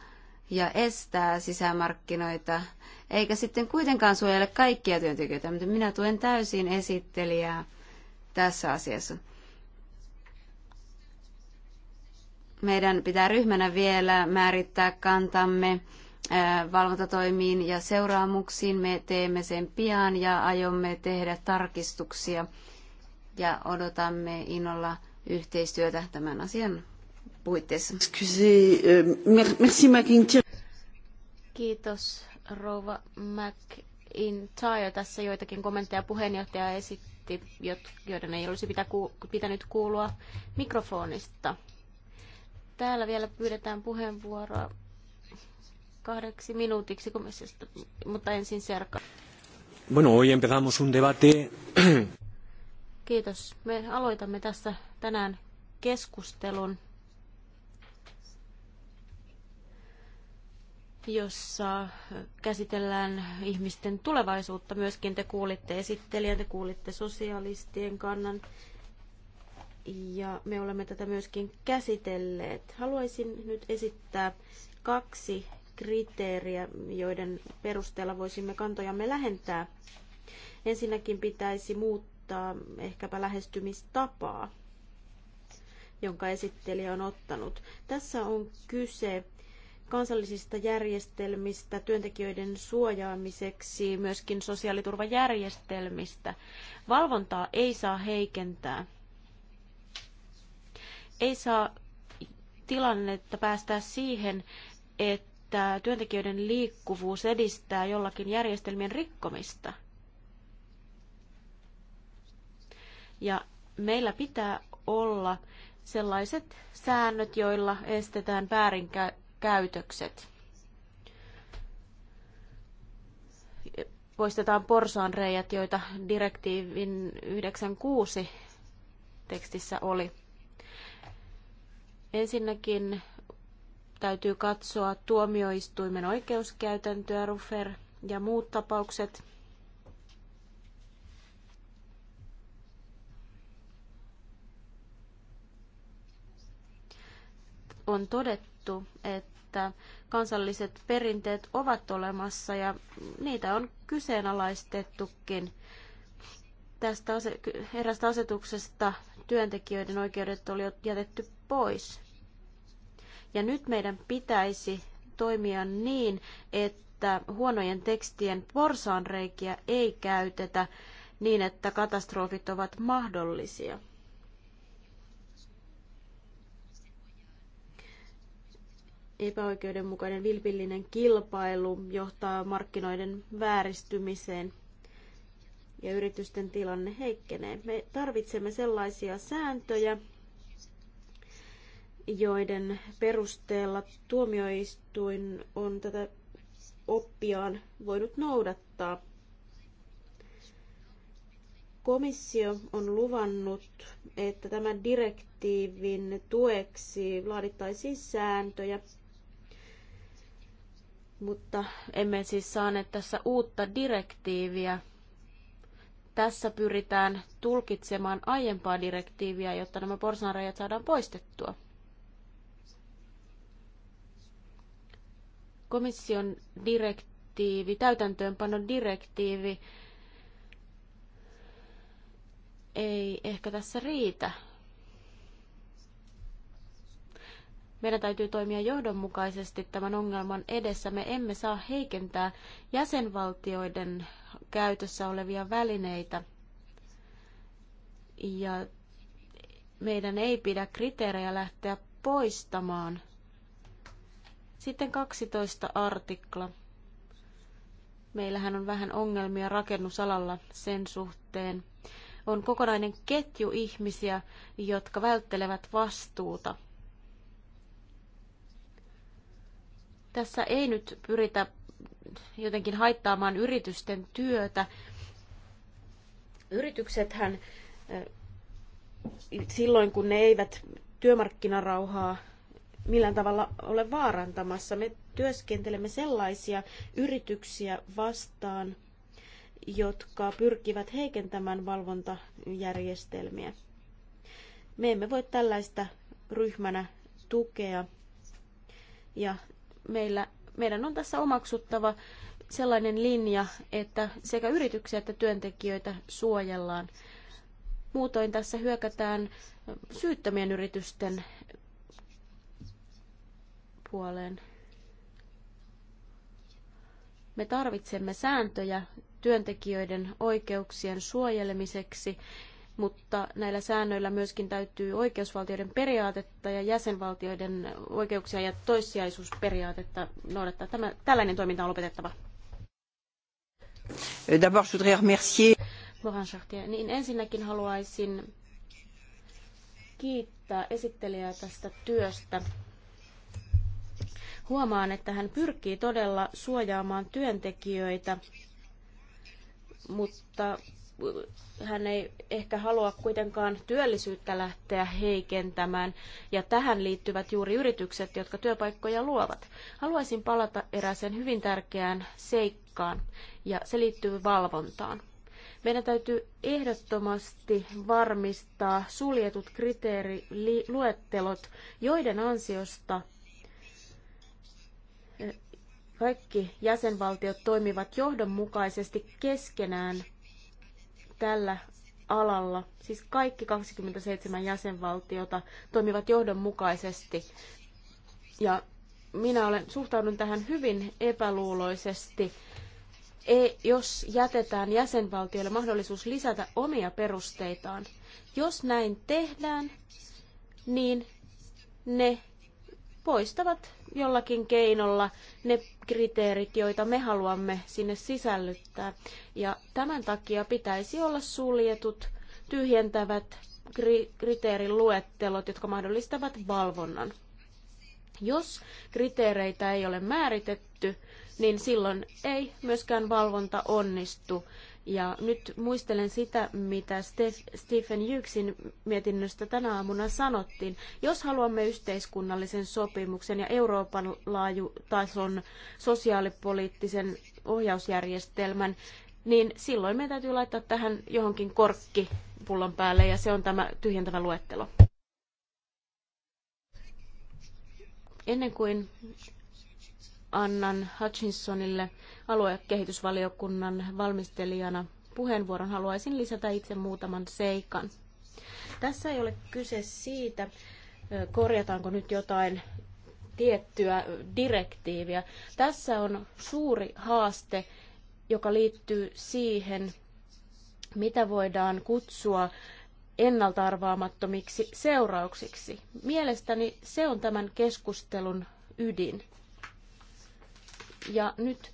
ja estää sisämarkkinoita, eikä sitten kuitenkaan suojele kaikkia työntekijöitä, mutta minä tuen täysin esittelijää tässä asiassa. meidän pitää ryhmänä vielä määrittää kantamme valvontatoimiin ja seuraamuksiin. Me teemme sen pian ja aiomme tehdä tarkistuksia ja odotamme innolla yhteistyötä tämän asian puitteissa. Euh, Kiitos rouva McIntyre. Tässä joitakin kommentteja puheenjohtaja esitti, joiden ei olisi pitänyt kuulua mikrofonista. Täällä vielä pyydetään puheenvuoroa kahdeksi minuutiksi mutta ensin Serka. Bueno, hoy empezamos un debate. Kiitos. Me aloitamme tässä tänään keskustelun, jossa käsitellään ihmisten tulevaisuutta. Myöskin te kuulitte esittelijän, te kuulitte sosialistien kannan ja me olemme tätä myöskin käsitelleet. Haluaisin nyt esittää kaksi kriteeriä, joiden perusteella voisimme kantojamme lähentää. Ensinnäkin pitäisi muuttaa ehkäpä lähestymistapaa, jonka esittelijä on ottanut. Tässä on kyse kansallisista järjestelmistä, työntekijöiden suojaamiseksi, myöskin sosiaaliturvajärjestelmistä. Valvontaa ei saa heikentää. Ei saa tilannetta päästää siihen, että työntekijöiden liikkuvuus edistää jollakin järjestelmien rikkomista. Ja meillä pitää olla sellaiset säännöt, joilla estetään väärinkäytökset. Poistetaan porsaanreijät, joita direktiivin 96 tekstissä oli. Ensinnäkin täytyy katsoa tuomioistuimen oikeuskäytäntöä, Rufer ja muut tapaukset. On todettu, että kansalliset perinteet ovat olemassa ja niitä on kyseenalaistettukin. Tästä erästä asetuksesta työntekijöiden oikeudet oli jätetty pois. Ja nyt meidän pitäisi toimia niin, että huonojen tekstien porsaanreikiä ei käytetä niin, että katastrofit ovat mahdollisia. Epäoikeudenmukainen vilpillinen kilpailu johtaa markkinoiden vääristymiseen ja yritysten tilanne heikkenee. Me tarvitsemme sellaisia sääntöjä, joiden perusteella tuomioistuin on tätä oppiaan voinut noudattaa. Komissio on luvannut, että tämän direktiivin tueksi laadittaisiin sääntöjä, mutta emme siis saaneet tässä uutta direktiiviä. Tässä pyritään tulkitsemaan aiempaa direktiiviä, jotta nämä porsanrajat saadaan poistettua. komission direktiivi, täytäntöönpanon direktiivi ei ehkä tässä riitä. Meidän täytyy toimia johdonmukaisesti tämän ongelman edessä. Me emme saa heikentää jäsenvaltioiden käytössä olevia välineitä. Ja meidän ei pidä kriteerejä lähteä poistamaan – sitten 12 artikla. Meillähän on vähän ongelmia rakennusalalla sen suhteen. On kokonainen ketju ihmisiä, jotka välttelevät vastuuta. Tässä ei nyt pyritä jotenkin haittaamaan yritysten työtä. Yrityksethän eh, silloin, kun ne eivät työmarkkinarauhaa millään tavalla ole vaarantamassa. Me työskentelemme sellaisia yrityksiä vastaan, jotka pyrkivät heikentämään valvontajärjestelmiä. Me emme voi tällaista ryhmänä tukea ja meillä, meidän on tässä omaksuttava sellainen linja, että sekä yrityksiä että työntekijöitä suojellaan. Muutoin tässä hyökätään syyttömien yritysten puoleen. Me tarvitsemme sääntöjä työntekijöiden oikeuksien suojelemiseksi, mutta näillä säännöillä myöskin täytyy oikeusvaltioiden periaatetta ja jäsenvaltioiden oikeuksia ja toissijaisuusperiaatetta noudattaa. Tämä, tällainen toiminta on lopetettava. Euh, d'abord, je voudrais remercier... Morin Niin ensinnäkin haluaisin kiittää esittelijää tästä työstä huomaan, että hän pyrkii todella suojaamaan työntekijöitä, mutta hän ei ehkä halua kuitenkaan työllisyyttä lähteä heikentämään, ja tähän liittyvät juuri yritykset, jotka työpaikkoja luovat. Haluaisin palata erääseen hyvin tärkeään seikkaan, ja se liittyy valvontaan. Meidän täytyy ehdottomasti varmistaa suljetut kriteeriluettelot, joiden ansiosta kaikki jäsenvaltiot toimivat johdonmukaisesti keskenään tällä alalla. Siis kaikki 27 jäsenvaltiota toimivat johdonmukaisesti. Ja minä olen, suhtaudun tähän hyvin epäluuloisesti. E, jos jätetään jäsenvaltioille mahdollisuus lisätä omia perusteitaan, jos näin tehdään, niin ne poistavat jollakin keinolla ne kriteerit, joita me haluamme sinne sisällyttää. Ja tämän takia pitäisi olla suljetut, tyhjentävät kriteerin luettelot, jotka mahdollistavat valvonnan. Jos kriteereitä ei ole määritetty, niin silloin ei myöskään valvonta onnistu. Ja nyt muistelen sitä, mitä Stephen Jyksin mietinnöstä tänä aamuna sanottiin. Jos haluamme yhteiskunnallisen sopimuksen ja Euroopan laajutason sosiaalipoliittisen ohjausjärjestelmän, niin silloin meidän täytyy laittaa tähän johonkin korkki pullon päälle, ja se on tämä tyhjentävä luettelo. Ennen kuin annan Hutchinsonille aluekehitysvaliokunnan valmistelijana puheenvuoron, haluaisin lisätä itse muutaman seikan. Tässä ei ole kyse siitä, korjataanko nyt jotain tiettyä direktiiviä. Tässä on suuri haaste, joka liittyy siihen, mitä voidaan kutsua ennaltaarvaamattomiksi seurauksiksi. Mielestäni se on tämän keskustelun ydin. Ja nyt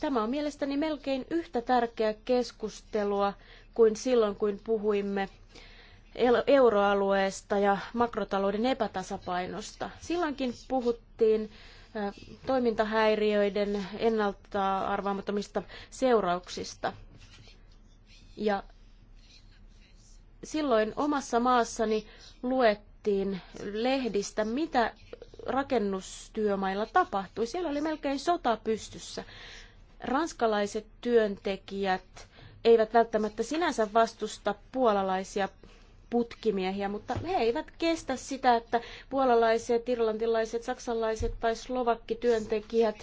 Tämä on mielestäni melkein yhtä tärkeä keskustelua kuin silloin, kun puhuimme euroalueesta ja makrotalouden epätasapainosta. Silloinkin puhuttiin toimintahäiriöiden ennalta arvaamattomista seurauksista. Ja silloin omassa maassani luettiin lehdistä, mitä rakennustyömailla tapahtui. Siellä oli melkein sota pystyssä ranskalaiset työntekijät eivät välttämättä sinänsä vastusta puolalaisia putkimiehiä, mutta he eivät kestä sitä, että puolalaiset, irlantilaiset, saksalaiset tai slovakkityöntekijät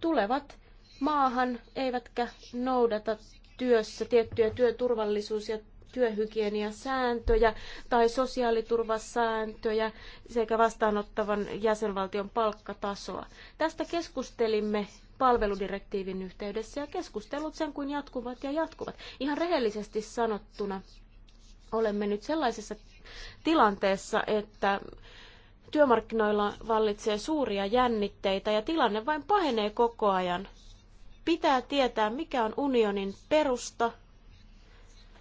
tulevat maahan eivätkä noudata työssä tiettyjä työturvallisuus- ja työhygieniasääntöjä tai sosiaaliturvasääntöjä sekä vastaanottavan jäsenvaltion palkkatasoa. Tästä keskustelimme palveludirektiivin yhteydessä ja keskustelut sen kuin jatkuvat ja jatkuvat. Ihan rehellisesti sanottuna olemme nyt sellaisessa tilanteessa, että työmarkkinoilla vallitsee suuria jännitteitä ja tilanne vain pahenee koko ajan. Pitää tietää, mikä on unionin perusta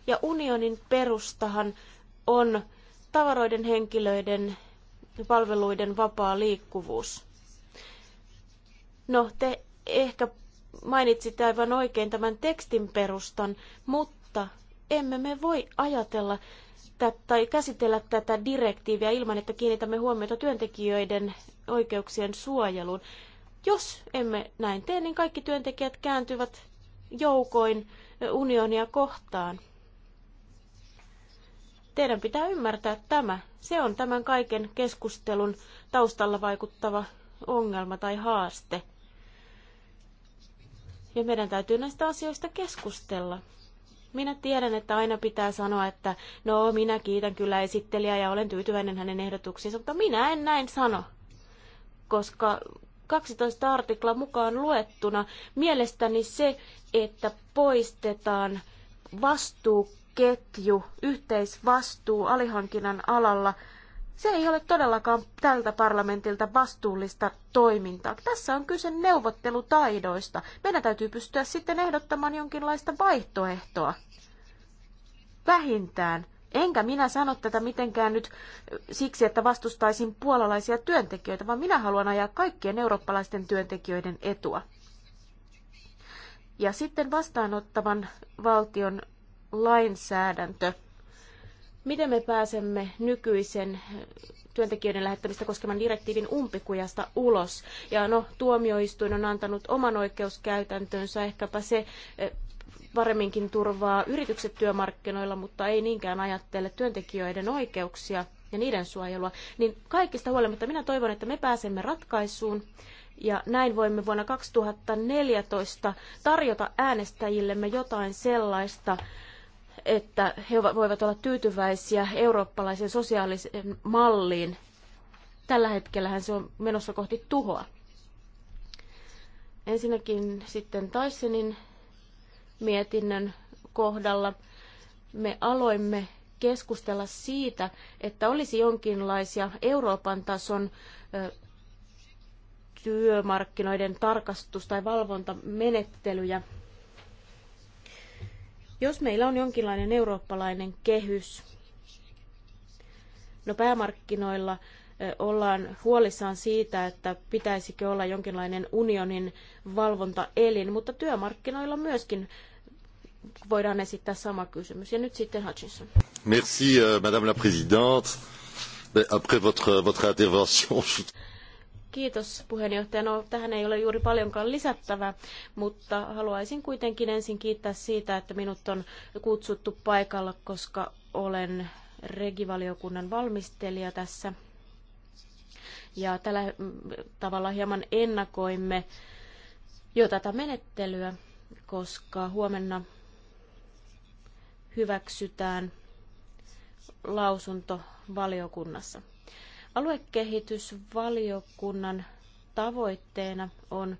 ja unionin perustahan on tavaroiden, henkilöiden ja palveluiden vapaa liikkuvuus. No, te ehkä mainitsitte aivan oikein tämän tekstin perustan, mutta emme me voi ajatella tai käsitellä tätä direktiiviä ilman, että kiinnitämme huomiota työntekijöiden oikeuksien suojeluun. Jos emme näin tee, niin kaikki työntekijät kääntyvät joukoin unionia kohtaan. Teidän pitää ymmärtää tämä. Se on tämän kaiken keskustelun taustalla vaikuttava ongelma tai haaste. Ja meidän täytyy näistä asioista keskustella. Minä tiedän, että aina pitää sanoa, että no minä kiitän kyllä esittelijää ja olen tyytyväinen hänen ehdotuksiinsa, mutta minä en näin sano, koska 12 artikla mukaan luettuna mielestäni se, että poistetaan vastuu ketju, yhteisvastuu alihankinnan alalla, se ei ole todellakaan tältä parlamentilta vastuullista toimintaa. Tässä on kyse neuvottelutaidoista. Meidän täytyy pystyä sitten ehdottamaan jonkinlaista vaihtoehtoa. Vähintään. Enkä minä sano tätä mitenkään nyt siksi, että vastustaisin puolalaisia työntekijöitä, vaan minä haluan ajaa kaikkien eurooppalaisten työntekijöiden etua. Ja sitten vastaanottavan valtion lainsäädäntö. Miten me pääsemme nykyisen työntekijöiden lähettämistä koskevan direktiivin umpikujasta ulos? Ja no, tuomioistuin on antanut oman oikeuskäytäntönsä, ehkäpä se eh, paremminkin turvaa yritykset työmarkkinoilla, mutta ei niinkään ajattele työntekijöiden oikeuksia ja niiden suojelua, niin kaikista huolimatta minä toivon, että me pääsemme ratkaisuun ja näin voimme vuonna 2014 tarjota äänestäjillemme jotain sellaista, että he voivat olla tyytyväisiä eurooppalaiseen sosiaaliseen malliin. Tällä hetkellähän se on menossa kohti tuhoa. Ensinnäkin sitten Tysonin mietinnön kohdalla me aloimme keskustella siitä, että olisi jonkinlaisia Euroopan tason työmarkkinoiden tarkastus- tai valvontamenettelyjä jos meillä on jonkinlainen eurooppalainen kehys, no päämarkkinoilla ollaan huolissaan siitä, että pitäisikö olla jonkinlainen unionin valvontaelin, mutta työmarkkinoilla myöskin voidaan esittää sama kysymys. Ja nyt sitten Hutchinson. Merci, euh, madame la présidente. Après votre, votre intervention, je... Kiitos puheenjohtaja. No, tähän ei ole juuri paljonkaan lisättävää, mutta haluaisin kuitenkin ensin kiittää siitä, että minut on kutsuttu paikalla, koska olen regivaliokunnan valmistelija tässä. Ja tällä mm, tavalla hieman ennakoimme jo tätä menettelyä, koska huomenna hyväksytään lausunto valiokunnassa. Aluekehitysvaliokunnan tavoitteena on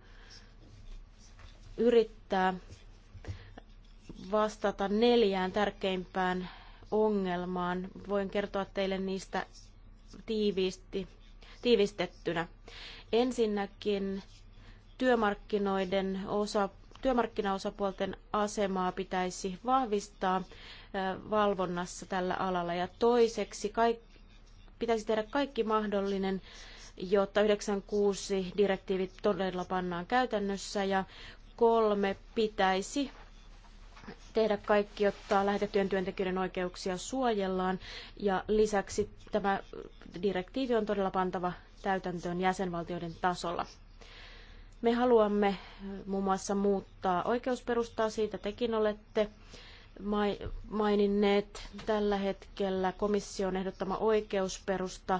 yrittää vastata neljään tärkeimpään ongelmaan. Voin kertoa teille niistä tiiviisti, tiivistettynä. Ensinnäkin työmarkkinoiden osa, työmarkkinaosapuolten asemaa pitäisi vahvistaa valvonnassa tällä alalla. Ja toiseksi kaikki pitäisi tehdä kaikki mahdollinen, jotta 96 direktiivit todella pannaan käytännössä ja kolme pitäisi tehdä kaikki, jotta lähetettyjen työntekijöiden oikeuksia suojellaan. Ja lisäksi tämä direktiivi on todella pantava täytäntöön jäsenvaltioiden tasolla. Me haluamme muun muassa muuttaa oikeusperustaa, siitä tekin olette maininneet tällä hetkellä komission ehdottama oikeusperusta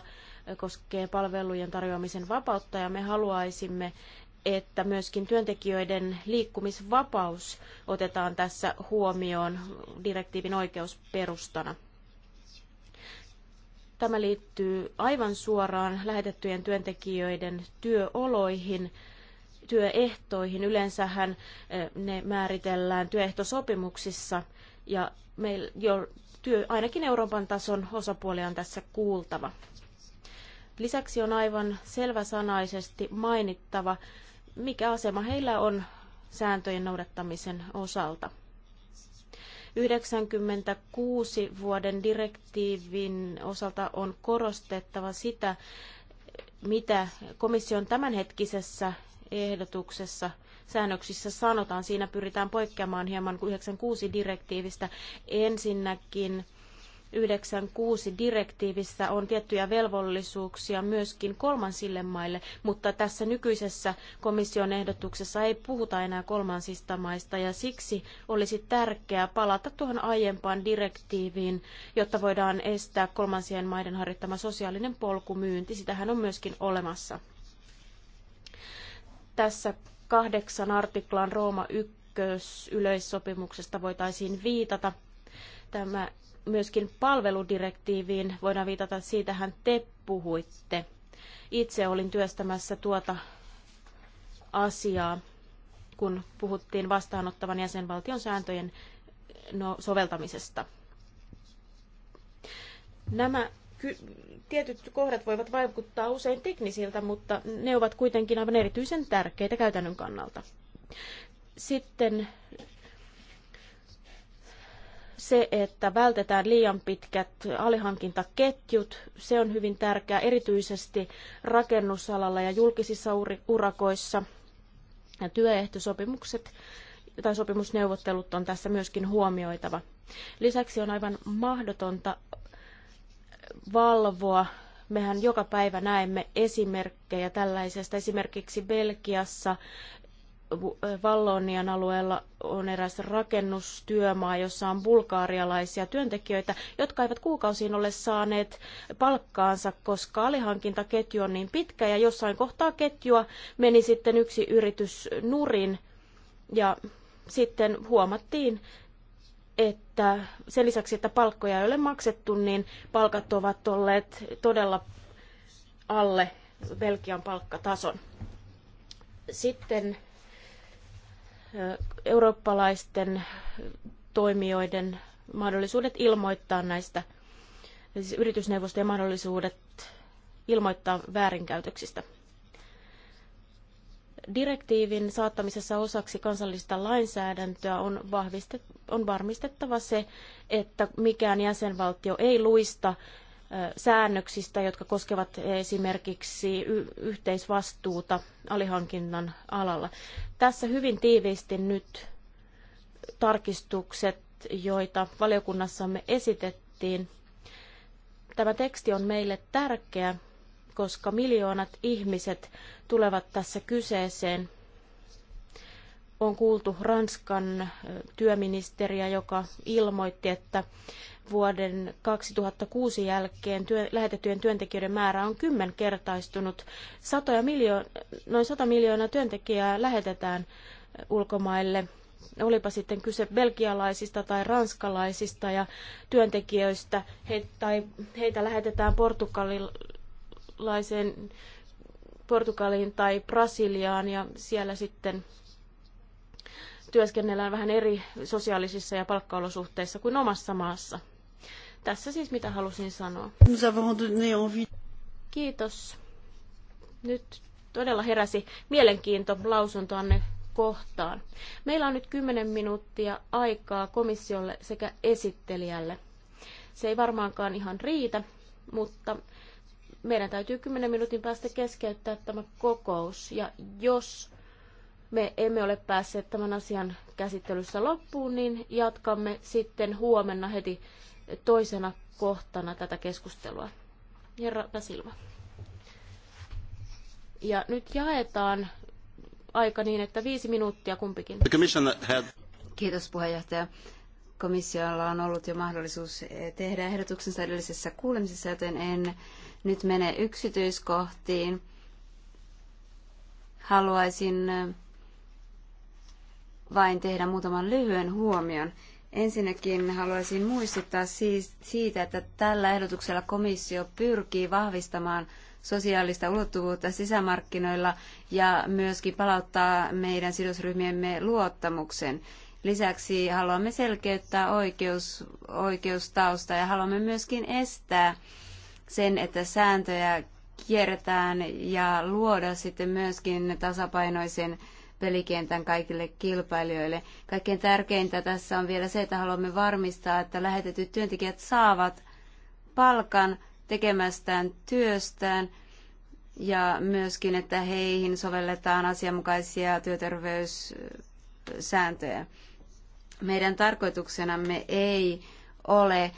koskee palvelujen tarjoamisen vapautta ja me haluaisimme, että myöskin työntekijöiden liikkumisvapaus otetaan tässä huomioon direktiivin oikeusperustana. Tämä liittyy aivan suoraan lähetettyjen työntekijöiden työoloihin, työehtoihin. Yleensähän ne määritellään työehtosopimuksissa ja meillä jo työ, ainakin Euroopan tason osapuolia on tässä kuultava. Lisäksi on aivan selväsanaisesti mainittava, mikä asema heillä on sääntöjen noudattamisen osalta. 96 vuoden direktiivin osalta on korostettava sitä, mitä komission tämänhetkisessä ehdotuksessa säännöksissä sanotaan. Siinä pyritään poikkeamaan hieman 96 direktiivistä. Ensinnäkin 96 direktiivissä on tiettyjä velvollisuuksia myöskin kolmansille maille, mutta tässä nykyisessä komission ehdotuksessa ei puhuta enää kolmansista maista ja siksi olisi tärkeää palata tuohon aiempaan direktiiviin, jotta voidaan estää kolmansien maiden harjoittama sosiaalinen polkumyynti. Sitähän on myöskin olemassa. Tässä kahdeksan artiklaan Rooma 1 yleissopimuksesta voitaisiin viitata. Tämä myöskin palveludirektiiviin voidaan viitata, siitähän te puhuitte. Itse olin työstämässä tuota asiaa, kun puhuttiin vastaanottavan jäsenvaltion sääntöjen no, soveltamisesta. Nämä tietyt kohdat voivat vaikuttaa usein teknisiltä, mutta ne ovat kuitenkin aivan erityisen tärkeitä käytännön kannalta. Sitten se, että vältetään liian pitkät alihankintaketjut, se on hyvin tärkeää erityisesti rakennusalalla ja julkisissa urakoissa. Ja työehtosopimukset tai sopimusneuvottelut on tässä myöskin huomioitava. Lisäksi on aivan mahdotonta valvoa. Mehän joka päivä näemme esimerkkejä tällaisesta. Esimerkiksi Belgiassa eh, Vallonian alueella on eräs rakennustyömaa, jossa on bulgaarialaisia työntekijöitä, jotka eivät kuukausiin ole saaneet palkkaansa, koska alihankintaketju on niin pitkä ja jossain kohtaa ketjua meni sitten yksi yritys nurin ja sitten huomattiin, että sen lisäksi, että palkkoja ei ole maksettu, niin palkat ovat olleet todella alle Belgian palkkatason. Sitten eurooppalaisten toimijoiden mahdollisuudet ilmoittaa näistä, siis yritysneuvostojen mahdollisuudet ilmoittaa väärinkäytöksistä. Direktiivin saattamisessa osaksi kansallista lainsäädäntöä on, on varmistettava se, että mikään jäsenvaltio ei luista säännöksistä, jotka koskevat esimerkiksi yhteisvastuuta alihankinnan alalla. Tässä hyvin tiiviisti nyt tarkistukset, joita valiokunnassamme esitettiin. Tämä teksti on meille tärkeä koska miljoonat ihmiset tulevat tässä kyseeseen. On kuultu Ranskan työministeriä, joka ilmoitti, että vuoden 2006 jälkeen työ, lähetettyjen työntekijöiden määrä on kymmenkertaistunut. Satoja miljoon- noin 100 miljoonaa työntekijää lähetetään ulkomaille olipa sitten kyse belgialaisista tai ranskalaisista ja työntekijöistä, he, tai heitä lähetetään Portugalin, laiseen Portugaliin tai Brasiliaan ja siellä sitten työskennellään vähän eri sosiaalisissa ja palkkaolosuhteissa kuin omassa maassa. Tässä siis mitä halusin sanoa. Kiitos. Nyt todella heräsi mielenkiinto lausuntoanne kohtaan. Meillä on nyt 10 minuuttia aikaa komissiolle sekä esittelijälle. Se ei varmaankaan ihan riitä, mutta meidän täytyy 10 minuutin päästä keskeyttää tämä kokous. Ja jos me emme ole päässeet tämän asian käsittelyssä loppuun, niin jatkamme sitten huomenna heti toisena kohtana tätä keskustelua. Herra Silva. Ja nyt jaetaan aika niin, että viisi minuuttia kumpikin. Kiitos puheenjohtaja. Komissiolla on ollut jo mahdollisuus tehdä ehdotuksensa edellisessä kuulemisessa, joten en nyt mene yksityiskohtiin. Haluaisin vain tehdä muutaman lyhyen huomion. Ensinnäkin haluaisin muistuttaa siis siitä, että tällä ehdotuksella komissio pyrkii vahvistamaan sosiaalista ulottuvuutta sisämarkkinoilla ja myöskin palauttaa meidän sidosryhmiemme luottamuksen. Lisäksi haluamme selkeyttää oikeus, oikeustausta ja haluamme myöskin estää sen, että sääntöjä kierretään ja luoda sitten myöskin tasapainoisen pelikentän kaikille kilpailijoille. Kaikkein tärkeintä tässä on vielä se, että haluamme varmistaa, että lähetetyt työntekijät saavat palkan tekemästään työstään ja myöskin, että heihin sovelletaan asianmukaisia työterveyssääntöjä. Meidän tarkoituksenamme ei ole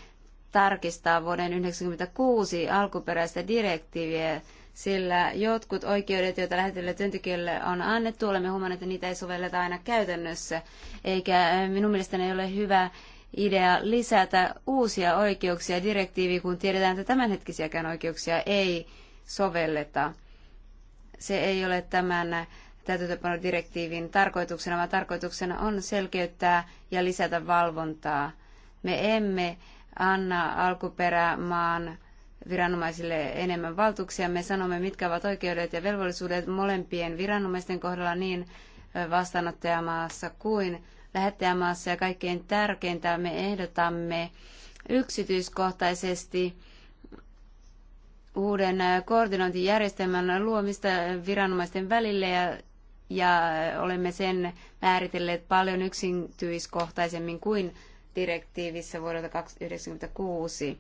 tarkistaa vuoden 1996 alkuperäistä direktiiviä, sillä jotkut oikeudet, joita lähetetyille työntekijöille on annettu, olemme huomanneet, että niitä ei sovelleta aina käytännössä, eikä minun mielestäni ei ole hyvä idea lisätä uusia oikeuksia direktiiviin, kun tiedetään, että tämänhetkisiäkään oikeuksia ei sovelleta. Se ei ole tämän täytäntöpanodirektiivin tarkoituksena, vaan tarkoituksena on selkeyttää ja lisätä valvontaa. Me emme anna alkuperämaan viranomaisille enemmän valtuuksia. Me sanomme, mitkä ovat oikeudet ja velvollisuudet molempien viranomaisten kohdalla niin vastaanottajamaassa kuin lähettäjämaassa. Ja kaikkein tärkeintä me ehdotamme yksityiskohtaisesti uuden koordinointijärjestelmän luomista viranomaisten välille ja, ja olemme sen määritelleet paljon yksityiskohtaisemmin kuin direktiivissä vuodelta 1996.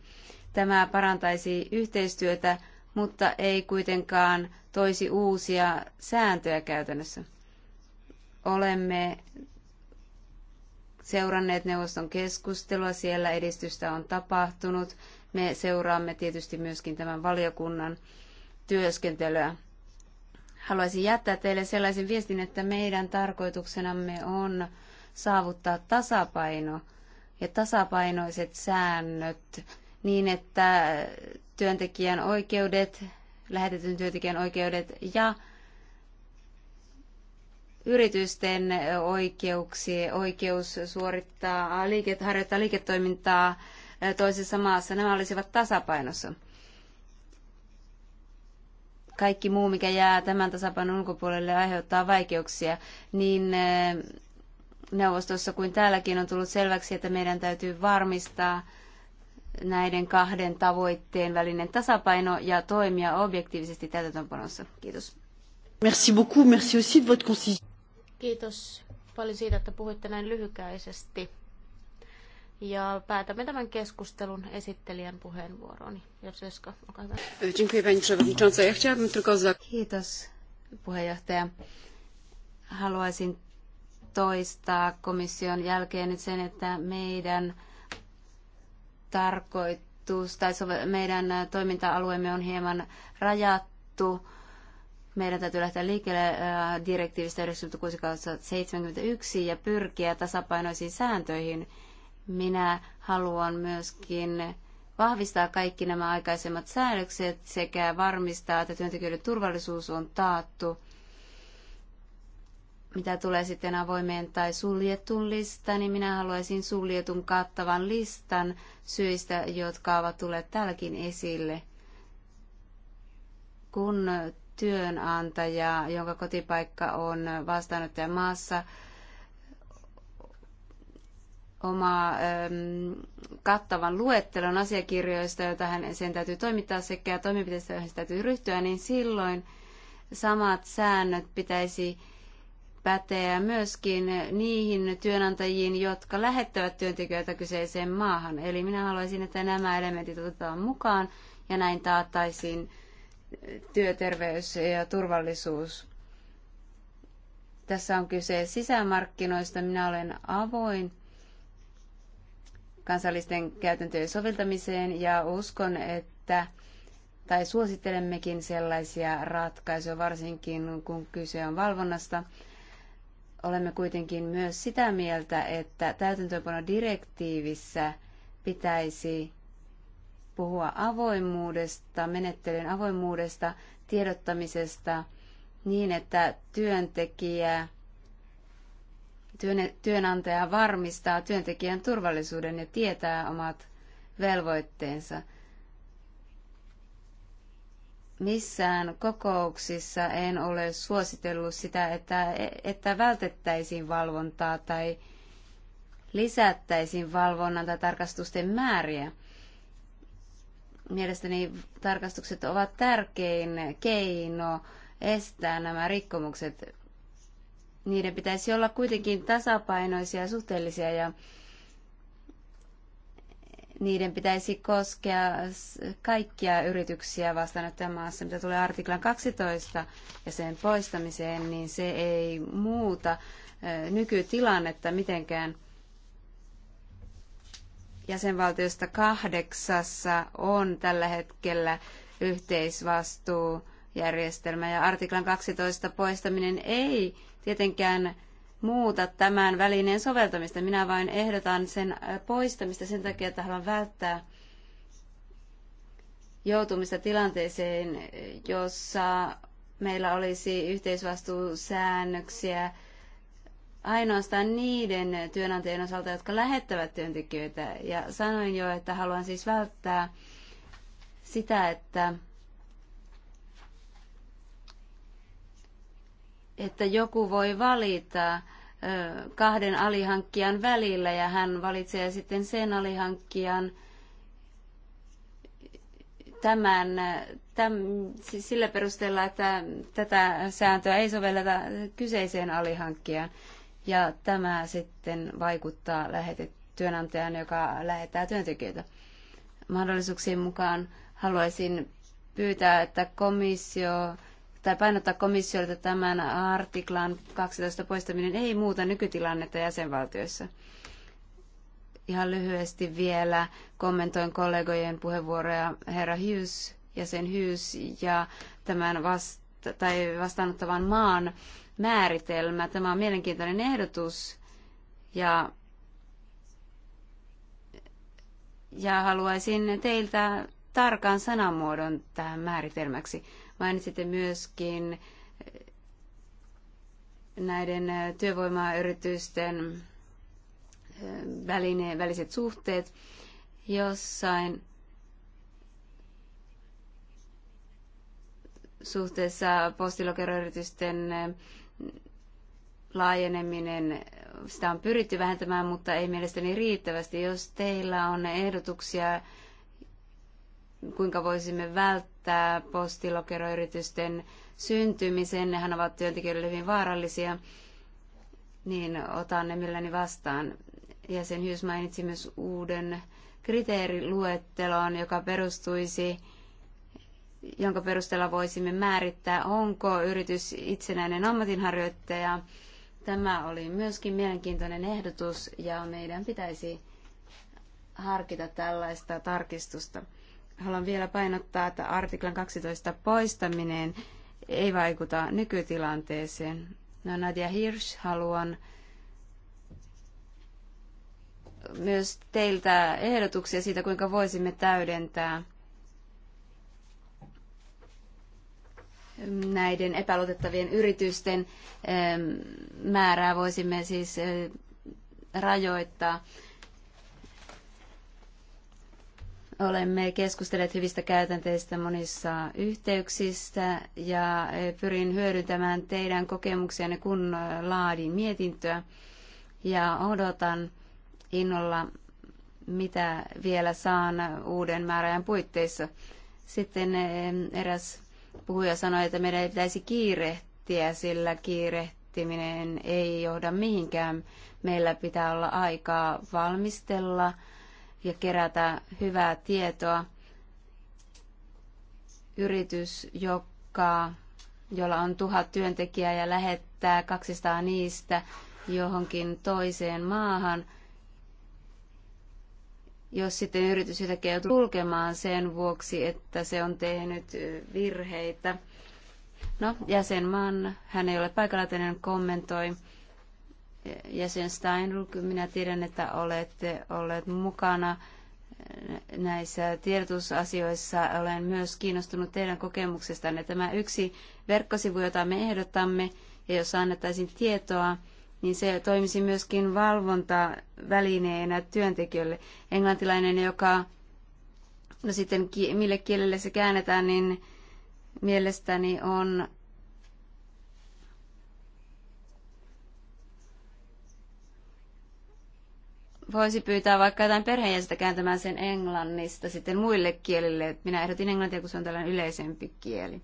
Tämä parantaisi yhteistyötä, mutta ei kuitenkaan toisi uusia sääntöjä käytännössä. Olemme seuranneet neuvoston keskustelua, siellä edistystä on tapahtunut. Me seuraamme tietysti myöskin tämän valiokunnan työskentelyä. Haluaisin jättää teille sellaisen viestin, että meidän tarkoituksenamme on saavuttaa tasapaino – ja tasapainoiset säännöt niin, että työntekijän oikeudet, lähetetyn työntekijän oikeudet ja yritysten oikeuksia, oikeus suorittaa liiket, harjoittaa liiketoimintaa toisessa maassa, nämä olisivat tasapainossa. Kaikki muu, mikä jää tämän tasapainon ulkopuolelle, aiheuttaa vaikeuksia, niin neuvostossa kuin täälläkin on tullut selväksi, että meidän täytyy varmistaa näiden kahden tavoitteen välinen tasapaino ja toimia objektiivisesti täytäntöönpanossa. Kiitos. Merci beaucoup, merci aussi de votre concis... Kiitos paljon siitä, että puhuitte näin lyhykäisesti. Ja päätämme tämän keskustelun esittelijän puheenvuoroon. Joseska, olkaa hyvä. Dziękuję pani przewodnicząca. Ja chciałabym tylko za... Kiitos puheenjohtaja. Haluaisin toistaa komission jälkeen nyt sen, että meidän tarkoitus tai meidän toiminta-alueemme on hieman rajattu. Meidän täytyy lähteä liikkeelle äh, direktiivistä 96-71 ja pyrkiä tasapainoisiin sääntöihin. Minä haluan myöskin vahvistaa kaikki nämä aikaisemmat säädökset sekä varmistaa, että työntekijöiden turvallisuus on taattu – mitä tulee sitten avoimeen tai suljetun listaan, niin minä haluaisin suljetun kattavan listan syistä, jotka ovat tulleet täälläkin esille. Kun työnantaja, jonka kotipaikka on vastaanottajan maassa, oma äm, kattavan luettelon asiakirjoista, joita hän, sen täytyy toimittaa sekä toimenpiteistä, joihin täytyy ryhtyä, niin silloin samat säännöt pitäisi pätee myöskin niihin työnantajiin, jotka lähettävät työntekijöitä kyseiseen maahan. Eli minä haluaisin, että nämä elementit otetaan mukaan ja näin taattaisiin työterveys ja turvallisuus. Tässä on kyse sisämarkkinoista. Minä olen avoin kansallisten käytäntöjen soveltamiseen ja uskon, että tai suosittelemmekin sellaisia ratkaisuja, varsinkin kun kyse on valvonnasta – Olemme kuitenkin myös sitä mieltä, että täytäntöönpanodirektiivissä pitäisi puhua avoimuudesta, menettelyn avoimuudesta, tiedottamisesta niin, että työntekijä, työn, työnantaja varmistaa työntekijän turvallisuuden ja tietää omat velvoitteensa missään kokouksissa en ole suositellut sitä, että, että vältettäisiin valvontaa tai lisättäisiin valvonnan tai tarkastusten määriä. Mielestäni tarkastukset ovat tärkein keino estää nämä rikkomukset. Niiden pitäisi olla kuitenkin tasapainoisia ja suhteellisia ja niiden pitäisi koskea kaikkia yrityksiä vastaanottajamaassa, mitä tulee artiklan 12 ja sen poistamiseen, niin se ei muuta nykytilannetta mitenkään. Jäsenvaltiosta kahdeksassa on tällä hetkellä yhteisvastuujärjestelmä ja artiklan 12 poistaminen ei tietenkään muuta tämän välineen soveltamista. Minä vain ehdotan sen äh, poistamista sen takia, että haluan välttää joutumista tilanteeseen, jossa meillä olisi yhteisvastuusäännöksiä ainoastaan niiden työnantajien osalta, jotka lähettävät työntekijöitä. Ja sanoin jo, että haluan siis välttää sitä, että että joku voi valita kahden alihankkijan välillä ja hän valitsee sitten sen alihankkijan tämän, tämän sillä perusteella, että tätä sääntöä ei sovelleta kyseiseen alihankkijaan. Ja tämä sitten vaikuttaa lähetetyönantajan, joka lähettää työntekijöitä. Mahdollisuuksien mukaan haluaisin pyytää, että komissio tai painottaa että tämän artiklan 12 poistaminen ei muuta nykytilannetta jäsenvaltioissa. Ihan lyhyesti vielä kommentoin kollegojen puheenvuoroja herra Hughes, jäsen Hughes ja tämän vasta- tai vastaanottavan maan määritelmä. Tämä on mielenkiintoinen ehdotus ja ja haluaisin teiltä tarkan sanamuodon tähän määritelmäksi. Mainitsitte myöskin eh, näiden eh, työvoimayritysten eh, välineen, väliset suhteet jossain suhteessa postilokeroyritysten laajeneminen, sitä on pyritty vähentämään, mutta ei mielestäni riittävästi. Jos teillä on ehdotuksia kuinka voisimme välttää postilokeroyritysten syntymisen. Nehän ovat työntekijöille hyvin vaarallisia, niin otan ne milläni vastaan. Jäsen Hughes mainitsi myös uuden kriteeriluettelon, joka perustuisi jonka perusteella voisimme määrittää, onko yritys itsenäinen ammatinharjoittaja. Tämä oli myöskin mielenkiintoinen ehdotus ja meidän pitäisi harkita tällaista tarkistusta haluan vielä painottaa, että artiklan 12 poistaminen ei vaikuta nykytilanteeseen. No Nadia Hirsch, haluan myös teiltä ehdotuksia siitä, kuinka voisimme täydentää näiden epäluotettavien yritysten määrää voisimme siis rajoittaa. Olemme keskustelleet hyvistä käytänteistä monissa yhteyksissä ja pyrin hyödyntämään teidän kokemuksianne, kun laadin mietintöä. Ja odotan innolla, mitä vielä saan uuden määräajan puitteissa. Sitten eräs puhuja sanoi, että meidän ei pitäisi kiirehtiä, sillä kiirehtiminen ei johda mihinkään. Meillä pitää olla aikaa valmistella – ja kerätä hyvää tietoa. Yritys, joka, jolla on tuhat työntekijää ja lähettää 200 niistä johonkin toiseen maahan, jos sitten yritys jotenkin joutuu sulkemaan sen vuoksi, että se on tehnyt virheitä. No, jäsenmaan, hän ei ole paikalla, joten kommentoi jäsen Steinruck, minä tiedän, että olette olleet mukana näissä tiedotusasioissa. Olen myös kiinnostunut teidän kokemuksestanne. Tämä yksi verkkosivu, jota me ehdotamme ja jos annettaisiin tietoa, niin se toimisi myöskin valvontavälineenä työntekijöille. Englantilainen, joka no sitten mille kielelle se käännetään, niin mielestäni on voisi pyytää vaikka jotain perheenjäsentä kääntämään sen englannista sitten muille kielille. Minä ehdotin englantia, kun se on tällainen yleisempi kieli.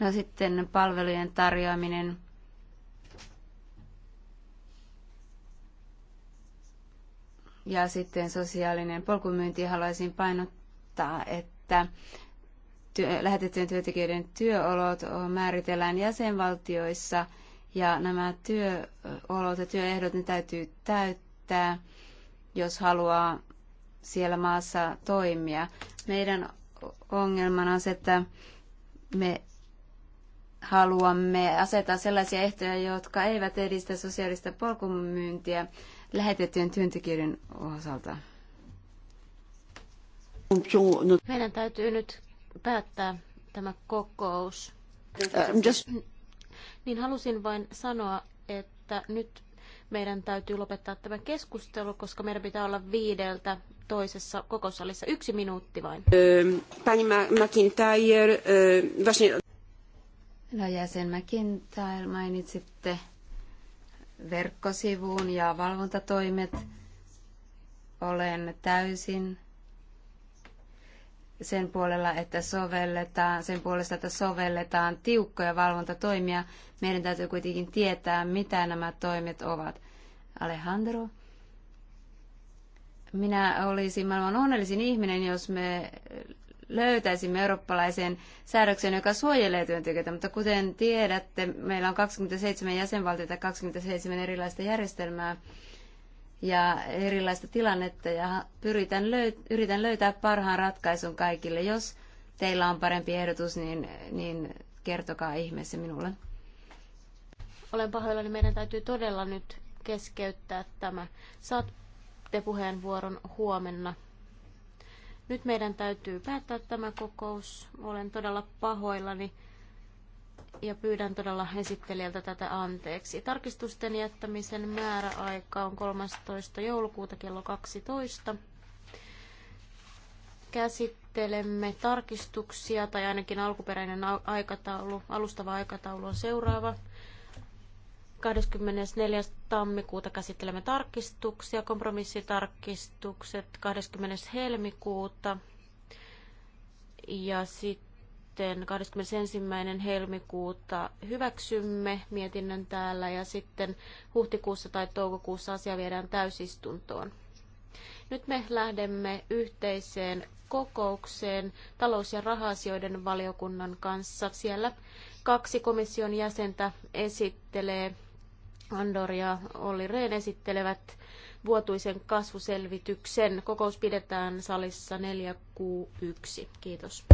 No sitten palvelujen tarjoaminen. Ja sitten sosiaalinen polkumyynti haluaisin painottaa, että työ, lähetettyjen työntekijöiden työolot määritellään jäsenvaltioissa ja nämä työolot ja työehdot ne täytyy täyttää että jos haluaa siellä maassa toimia. Meidän ongelmana on se, että me haluamme asettaa sellaisia ehtoja, jotka eivät edistä sosiaalista polkumyyntiä lähetettyjen työntekijöiden osalta. Meidän täytyy nyt päättää tämä kokous. Uh, just... Niin halusin vain sanoa, että nyt meidän täytyy lopettaa tämä keskustelu, koska meidän pitää olla viideltä toisessa kokosalissa. Yksi minuutti vain. Pani McIntyre, właśnie... No jäsen McIntyre, mainitsitte verkkosivuun ja valvontatoimet. Olen täysin sen puolella, että sovelletaan, sen puolesta, että sovelletaan tiukkoja valvontatoimia. Meidän täytyy kuitenkin tietää, mitä nämä toimet ovat. Alejandro? Minä olisin maailman onnellisin ihminen, jos me löytäisimme eurooppalaisen säädöksen, joka suojelee työntekijöitä, mutta kuten tiedätte, meillä on 27 jäsenvaltiota, 27 erilaista järjestelmää, ja erilaista tilannetta ja pyritän löyt- yritän löytää parhaan ratkaisun kaikille. Jos teillä on parempi ehdotus, niin, niin kertokaa ihmeessä minulle. Olen pahoillani, niin meidän täytyy todella nyt keskeyttää tämä. Saatte puheenvuoron huomenna. Nyt meidän täytyy päättää tämä kokous. Olen todella pahoillani ja pyydän todella esittelijältä tätä anteeksi. Tarkistusten jättämisen määräaika on 13. joulukuuta kello 12. Käsittelemme tarkistuksia, tai ainakin alkuperäinen aikataulu, alustava aikataulu on seuraava. 24. tammikuuta käsittelemme tarkistuksia, kompromissitarkistukset 20. helmikuuta ja sitten sitten 21. helmikuuta hyväksymme mietinnön täällä ja sitten huhtikuussa tai toukokuussa asia viedään täysistuntoon. Nyt me lähdemme yhteiseen kokoukseen talous- ja rahasioiden valiokunnan kanssa. Siellä kaksi komission jäsentä esittelee, Andor ja Olli Rehn esittelevät vuotuisen kasvuselvityksen. Kokous pidetään salissa 4Q1. Kiitos.